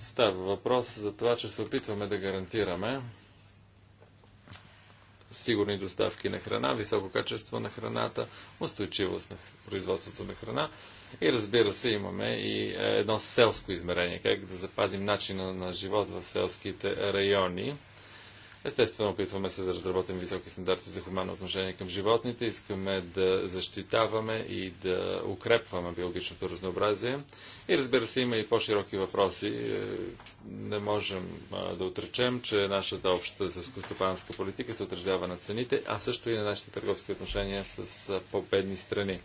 Става въпрос за това, че се опитваме да гарантираме сигурни доставки на храна, високо качество на храната, устойчивост на производството на храна. И разбира се, имаме и е, едно селско измерение, как да запазим начина на живот в селските райони Естествено, опитваме се да разработим високи стандарти за хуманно отношение към животните. Искаме да защитаваме и да укрепваме биологичното разнообразие. И разбира се, има и по-широки въпроси. Е, не можем да отречем, че нашата обща съскостопанска политика се отразява на цените, а също и на нашите търговски отношения с по-бедни страни.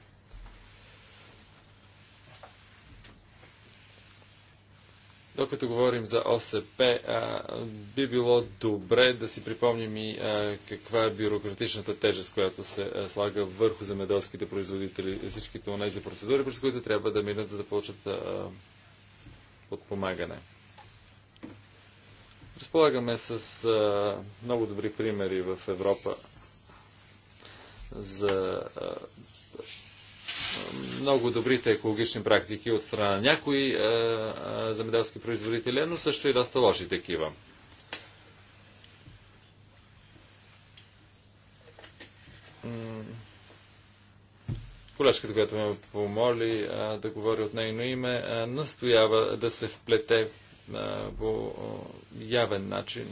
Докато говорим за ОСП, а, би било добре да си припомним и а, каква е бюрократичната тежест, която се а, слага върху земеделските производители, всичките нези процедури, през които трябва да минат, за да получат а, подпомагане. Разполагаме с а, много добри примери в Европа за а, много добрите екологични практики от страна на някои е, е, земеделски производители, но също и доста лоши такива. Колежката, която ме помоли е, да говори от нейно име, настоява да се вплете по явен начин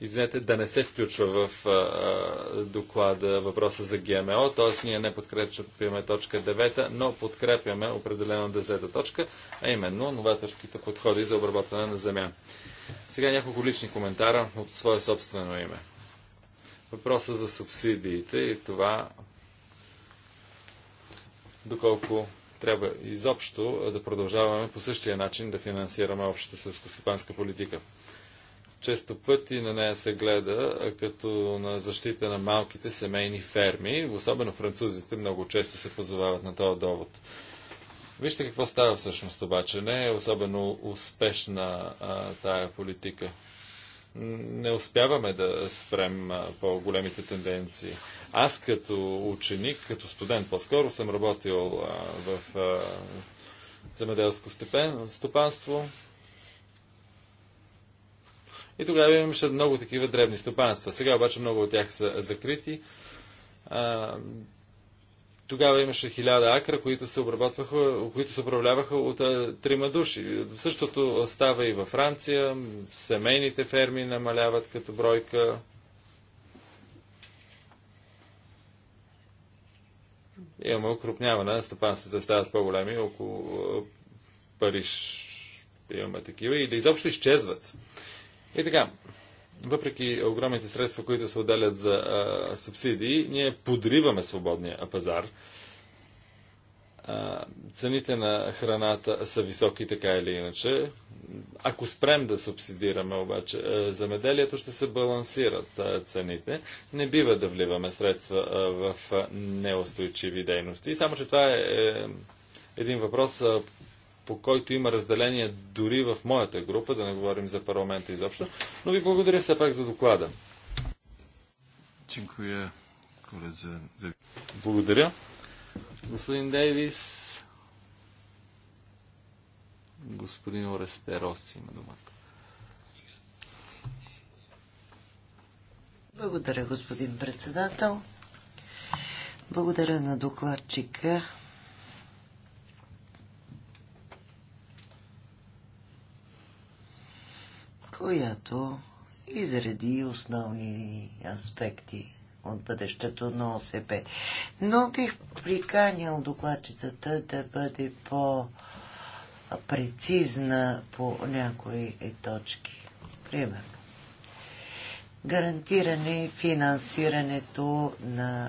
извинете, да не се включва в а, доклада въпроса за ГМО, т.е. ние не подкрепяме точка 9, но подкрепяме определено 10 точка, а именно новаторските подходи за обработване на земя. Сега няколко лични коментара от свое собствено име. Въпроса за субсидиите и това доколко трябва изобщо да продължаваме по същия начин да финансираме общата селскостопанска политика. Често пъти на нея се гледа като на защита на малките семейни ферми. Особено французите много често се позовават на този довод. Вижте какво става всъщност обаче. Не е особено успешна а, тая политика. Не успяваме да спрем по-големите тенденции. Аз като ученик, като студент по-скоро съм работил а, в а, земеделско степен, стопанство. И тогава имаше много такива древни стопанства. Сега обаче много от тях са закрити. А, тогава имаше хиляда акра, които се, обработваха, които се управляваха от а, трима души. Същото става и във Франция. Семейните ферми намаляват като бройка. Имаме укрупняване. Стопанствата стават по-големи. Около Париж имаме такива. Или изобщо изчезват. И така, въпреки огромните средства, които се отделят за а, субсидии, ние подриваме свободния пазар. А, цените на храната са високи, така или иначе. Ако спрем да субсидираме обаче замеделието, ще се балансират а, цените. Не бива да вливаме средства а, в неустойчиви дейности. Само, че това е, е един въпрос, а, по който има разделение дори в моята група, да не говорим за парламента изобщо, но ви благодаря все пак за доклада. Благодаря. Господин Дейвис, господин Орестерос има думата. Благодаря, господин председател. Благодаря на докладчика която изреди основни аспекти от бъдещето на ОСП. Но бих приканял докладчицата да бъде по прецизна по някои точки. Примерно гарантиране финансирането на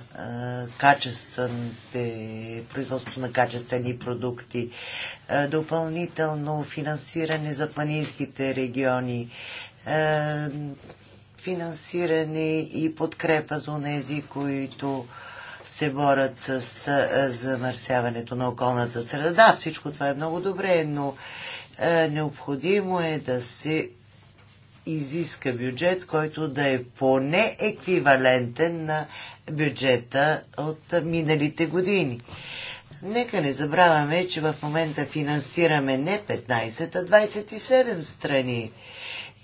качествените, производство на качествени продукти, допълнително финансиране за планинските региони, финансиране и подкрепа за тези, които се борят с замърсяването на околната среда. Да, Всичко това е много добре, но необходимо е да се изиска бюджет, който да е поне еквивалентен на бюджета от миналите години. Нека не забравяме, че в момента финансираме не 15, а 27 страни.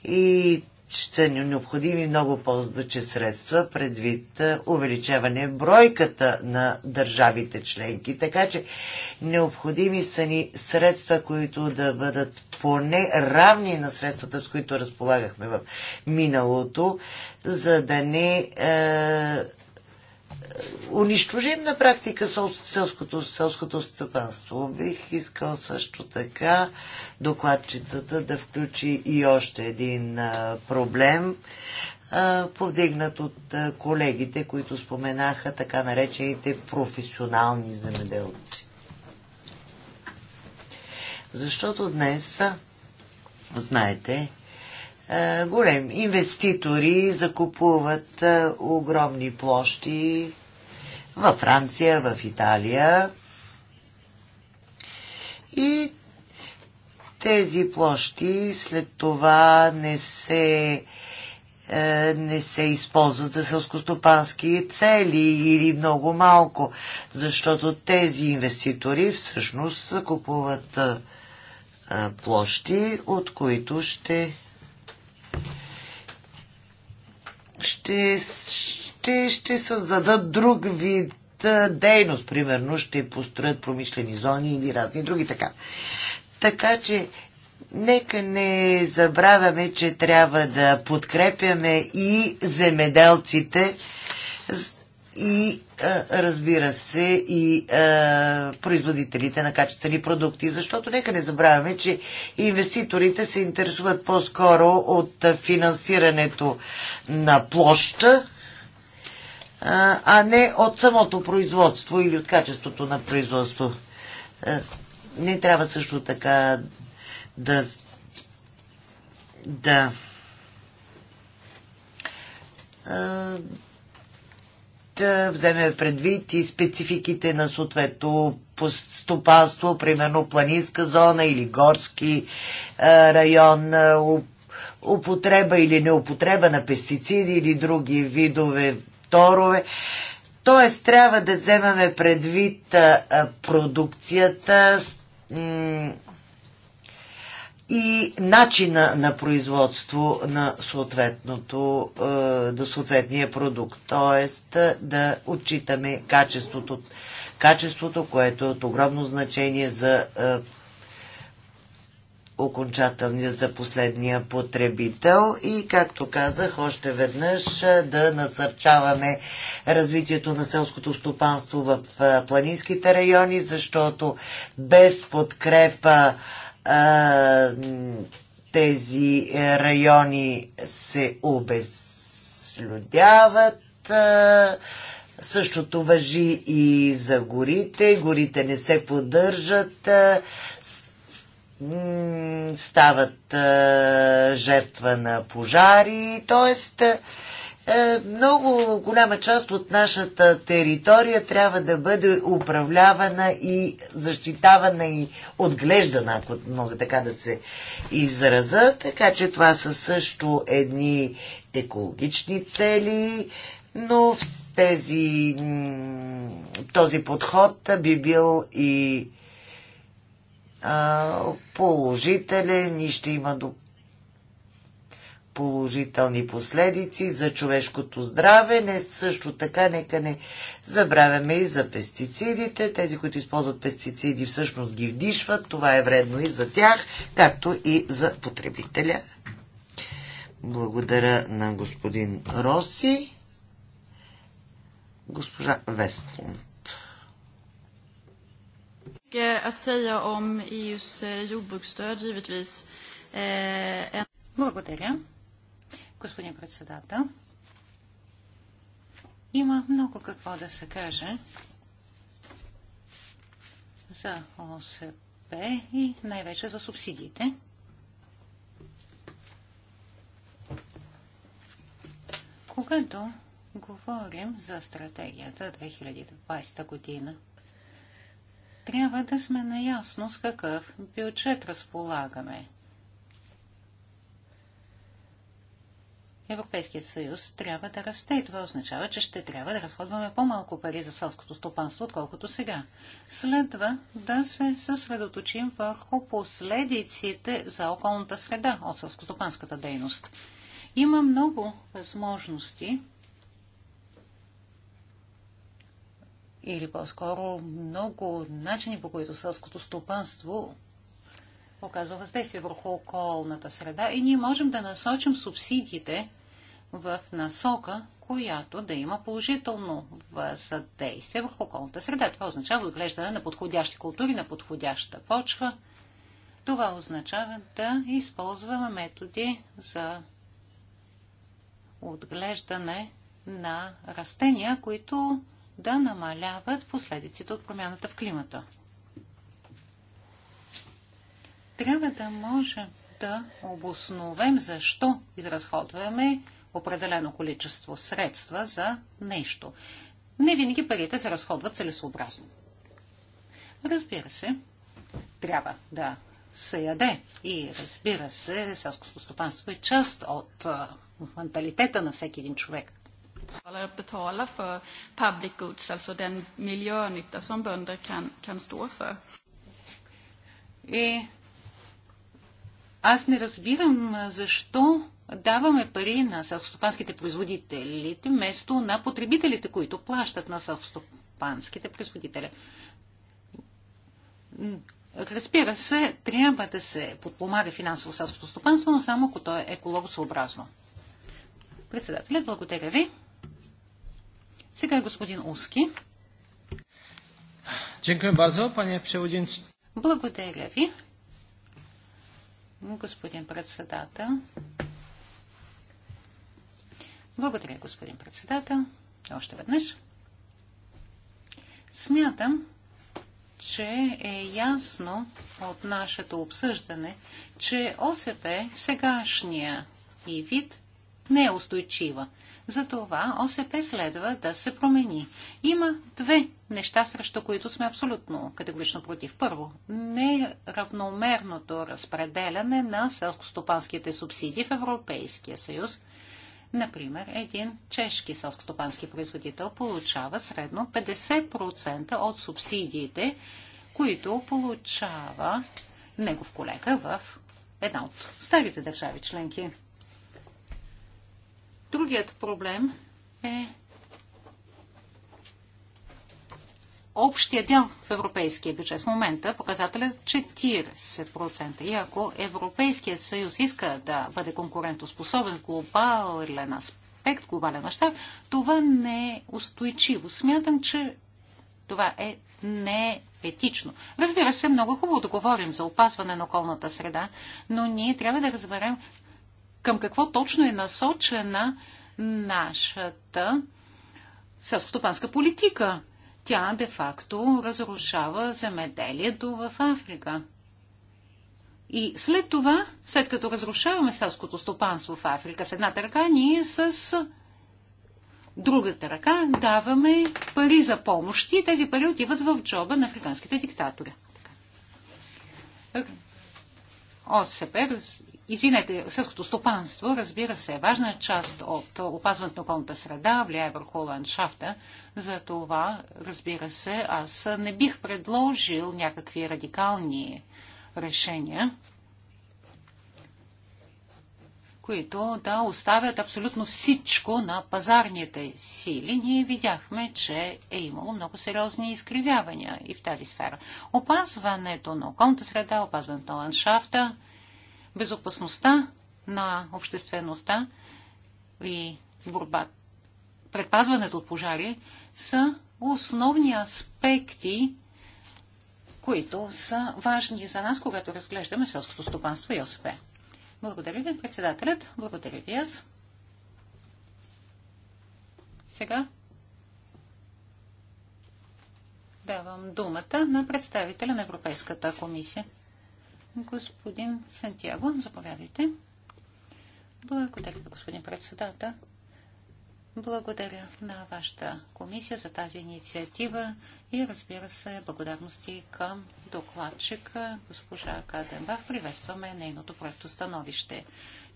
И ще ни необходими много повече средства предвид увеличаване бройката на държавите членки. Така че необходими са ни средства, които да бъдат поне равни на средствата, с които разполагахме в миналото, за да не е, унищожим на практика селското, селското стъпанство. Бих искал също така докладчицата да включи и още един проблем, повдигнат от колегите, които споменаха така наречените професионални земеделци. Защото днес, знаете, големи инвеститори закупуват огромни площи във Франция, в Италия. И тези площи след това не се е, не се използват за селскостопански цели или много малко, защото тези инвеститори всъщност купуват е, площи, от които ще ще, ще, ще създадат друг вид дейност, примерно ще построят промишлени зони или разни други така. Така че нека не забравяме, че трябва да подкрепяме и земеделците, и разбира се и а, производителите на качествени продукти. Защото нека не забравяме, че инвеститорите се интересуват по-скоро от финансирането на площа, а не от самото производство или от качеството на производство. Не трябва също така да да да вземе предвид и спецификите на съответно стопанство, примерно планинска зона или горски район, употреба или неупотреба на пестициди или други видове торове. Тоест, трябва да вземаме предвид продукцията и начина на производство на, съответното, на съответния продукт. Тоест, да отчитаме качеството, качеството, което е от огромно значение за окончателния за последния потребител и, както казах, още веднъж да насърчаваме развитието на селското стопанство в планинските райони, защото без подкрепа а, тези е, райони се обезлюдяват. Същото въжи и за горите. Горите не се поддържат стават а, жертва на пожари, т.е. много голяма част от нашата територия трябва да бъде управлявана и защитавана и отглеждана, ако мога така да се израза. Така че това са също едни екологични цели, но в тези, този подход би бил и а, положителен и ще има до положителни последици за човешкото здраве. Не, също така, нека не забравяме и за пестицидите. Тези, които използват пестициди, всъщност ги вдишват. Това е вредно и за тях, както и за потребителя. Благодаря на господин Роси. Госпожа Вестлун att säga om EUs eh, jordbruksstöd givetvis. Eh, Благодаря, господин председател. Има много какво да се каже за ОСП и най-вече за субсидиите. Когато говорим за стратегията 2020 година, трябва да сме наясно с какъв бюджет разполагаме. Европейският съюз трябва да расте и това означава, че ще трябва да разходваме по-малко пари за селското стопанство, отколкото сега. Следва да се съсредоточим върху последиците за околната среда от селскостопанската дейност. Има много възможности или по-скоро много начини, по които селското стопанство оказва въздействие върху околната среда и ние можем да насочим субсидиите в насока, която да има положително въздействие върху околната среда. Това означава отглеждане на подходящи култури, на подходяща почва. Това означава да използваме методи за отглеждане на растения, които да намаляват последиците от промяната в климата. Трябва да можем да обосновем защо изразходваме определено количество средства за нещо. Не винаги парите се разходват целесообразно. Разбира се, трябва да се яде и разбира се, селското стопанство е част от менталитета на всеки един човек betala för public goods, alltså den miljönytta som bönder kan, kan stå för. Е, аз не разбирам защо даваме пари на селскостопанските производители, вместо на потребителите, които плащат на селскостопанските производители. Разбира се, трябва да се подпомага финансово селското стопанство, но само ако то е екологосъобразно. Председателят, благодаря ви. Сега е господин Уски. Благодаря ви, господин председател. Благодаря, господин председател. Още веднъж. Смятам, че е ясно от нашето обсъждане, че ОСП сегашния и вид не е устойчива. Затова ОСП следва да се промени. Има две неща, срещу които сме абсолютно категорично против. Първо, неравномерното разпределяне на селскостопанските субсидии в Европейския съюз. Например, един чешки селскостопански производител получава средно 50% от субсидиите, които получава негов колега в една от старите държави членки. Другият проблем е общия дял в европейския бюджет. В момента показателят 40%. Е И ако Европейският съюз иска да бъде конкурентоспособен в глобален аспект, глобален мащаб, това не е устойчиво. Смятам, че това е не етично. Разбира се, много е хубаво да говорим за опазване на околната среда, но ние трябва да разберем към какво точно е насочена нашата селскостопанска политика. Тя де-факто разрушава земеделието в Африка. И след това, след като разрушаваме селското стопанство в Африка с едната ръка, ние с другата ръка даваме пари за помощи и тези пари отиват в джоба на африканските диктатори. ОСП Извинете, селското стопанство, разбира се, е важна част от опазването на околната среда, влияе върху ландшафта. За това, разбира се, аз не бих предложил някакви радикални решения, които да оставят абсолютно всичко на пазарните сили. Ние видяхме, че е имало много сериозни изкривявания и в тази сфера. Опазването на околната среда, опазването на ландшафта безопасността на обществеността и борба, предпазването от пожари са основни аспекти, които са важни за нас, когато разглеждаме селското стопанство и ОСП. Благодаря ви, председателят. Благодаря ви аз. Сега давам думата на представителя на Европейската комисия. Господин Сантьяго, заповядайте. Благодаря ви, господин председател. Благодаря на вашата комисия за тази инициатива и разбира се, благодарности към докладчика госпожа Казенбах. Приветстваме нейното просто становище.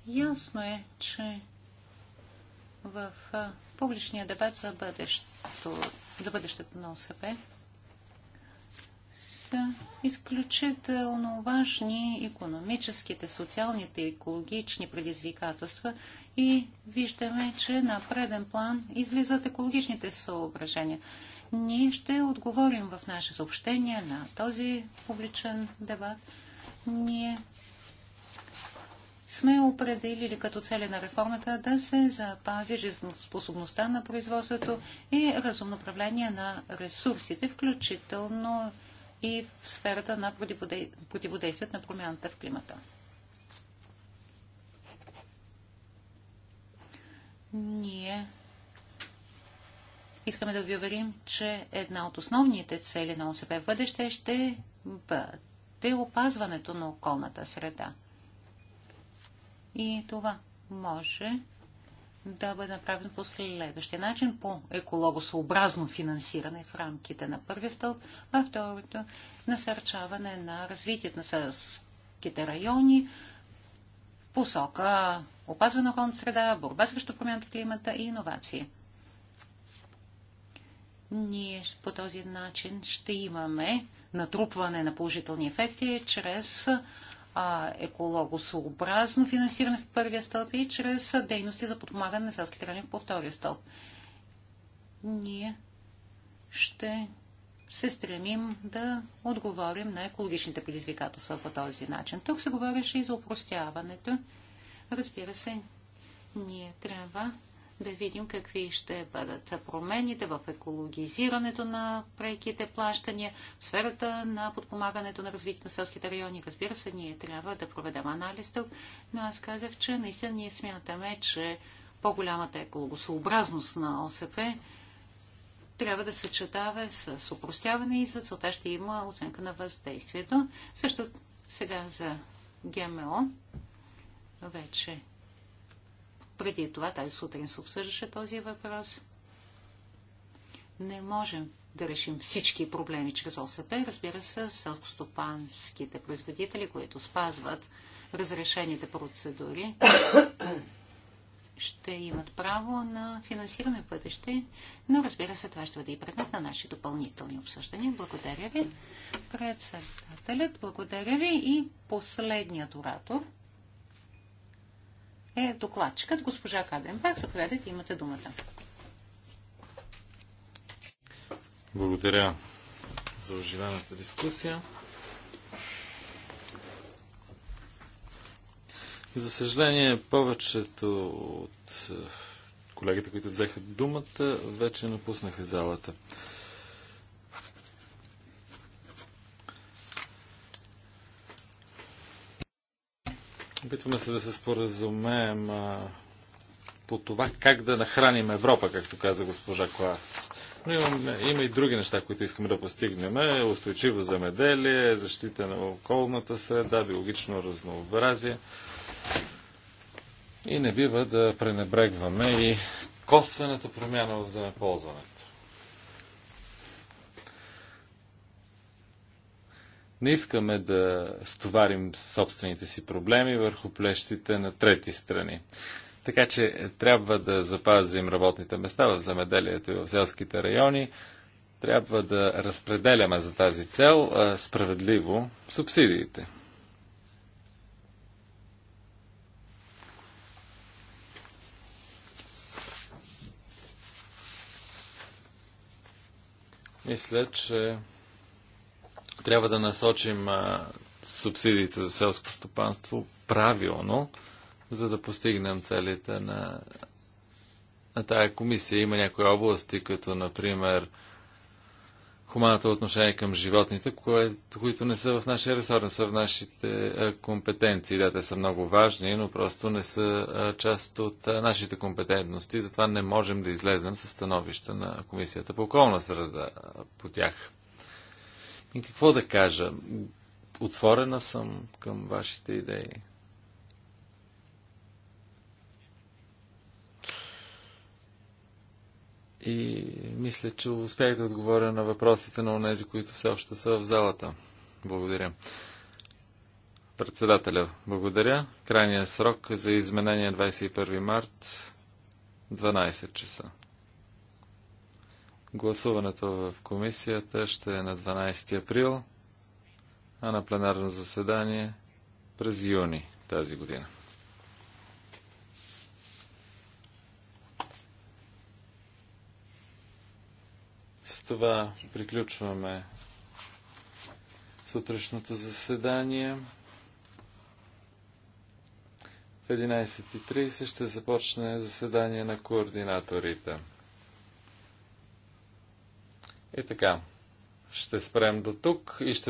Ясно е, че в публичния дебат за бъдещето, за бъдещето на ОСП са изключително важни економическите, социалните и екологични предизвикателства и виждаме, че на преден план излизат екологичните съображения. Ние ще отговорим в наше съобщение на този публичен дебат. Ние сме определили като цели на реформата да се запази жизнеспособността на производството и разумно управление на ресурсите, включително и в сферата на противодействието на промяната в климата. Ние искаме да ви уверим, че една от основните цели на ОСП в бъдеще ще бъде опазването на околната среда. И това може да бъде направен по следващия начин, по екологосообразно финансиране в рамките на първия стълб, а второто насърчаване на развитието на селските райони посока опазване на околната среда, борба срещу промяната в климата и иновации. Ние по този начин ще имаме натрупване на положителни ефекти чрез а, екологосообразно финансиране в първия стълб и чрез дейности за подпомагане на селските райони по втория стълб. Ние ще се стремим да отговорим на екологичните предизвикателства по този начин. Тук се говореше и за упростяването. Разбира се, ние трябва да видим какви ще бъдат промените в екологизирането на преките плащания, в сферата на подпомагането на развитие на селските райони. Разбира се, ние трябва да проведем анализ тук, но аз казах, че наистина ние смятаме, че по-голямата екологосообразност на ОСП трябва да съчетава с упростяване и за целта ще има оценка на въздействието. Също сега за ГМО вече преди това тази сутрин се обсъждаше този въпрос. Не можем да решим всички проблеми чрез ОСП. Разбира се, селскостопанските производители, които спазват разрешените процедури, ще имат право на финансиране в бъдеще, но разбира се, това ще бъде и предмет на наши допълнителни обсъждания. Благодаря ви, председателят, благодаря ви и последният оратор – е докладчикът госпожа Каденбак. Заповядайте, имате думата. Благодаря за оживената дискусия. За съжаление, повечето от е, колегите, които взеха думата, вече напуснаха залата. Опитваме се да се споразумеем а, по това как да нахраним Европа, както каза госпожа Клас. Но имам, има и други неща, които искаме да постигнем. Е, устойчиво замеделие, защита на околната среда, биологично разнообразие. И не бива да пренебрегваме и косвената промяна в земеползването. Не искаме да стоварим собствените си проблеми върху плещите на трети страни. Така че трябва да запазим работните места в замеделието и в селските райони. Трябва да разпределяме за тази цел а, справедливо субсидиите. Мисля, че трябва да насочим а, субсидиите за селско стопанство правилно, за да постигнем целите на, на тая комисия. Има някои области, като например хуманата отношение към животните, кое, които не са в нашия ресор, не са в нашите а, компетенции. Да, те са много важни, но просто не са а, част от а, нашите компетентности. Затова не можем да излезем със становища на Комисията по околна среда по тях. И какво да кажа? Отворена съм към вашите идеи. И мисля, че успях да отговоря на въпросите на онези, които все още са в залата. Благодаря. Председателя, благодаря. Крайният срок за изменение 21 е март 12 часа. Гласуването в комисията ще е на 12 април, а на пленарно заседание през юни тази година. С това приключваме сутрешното заседание. В 11.30 ще започне заседание на координаторите. И така, ще спрем до тук и ще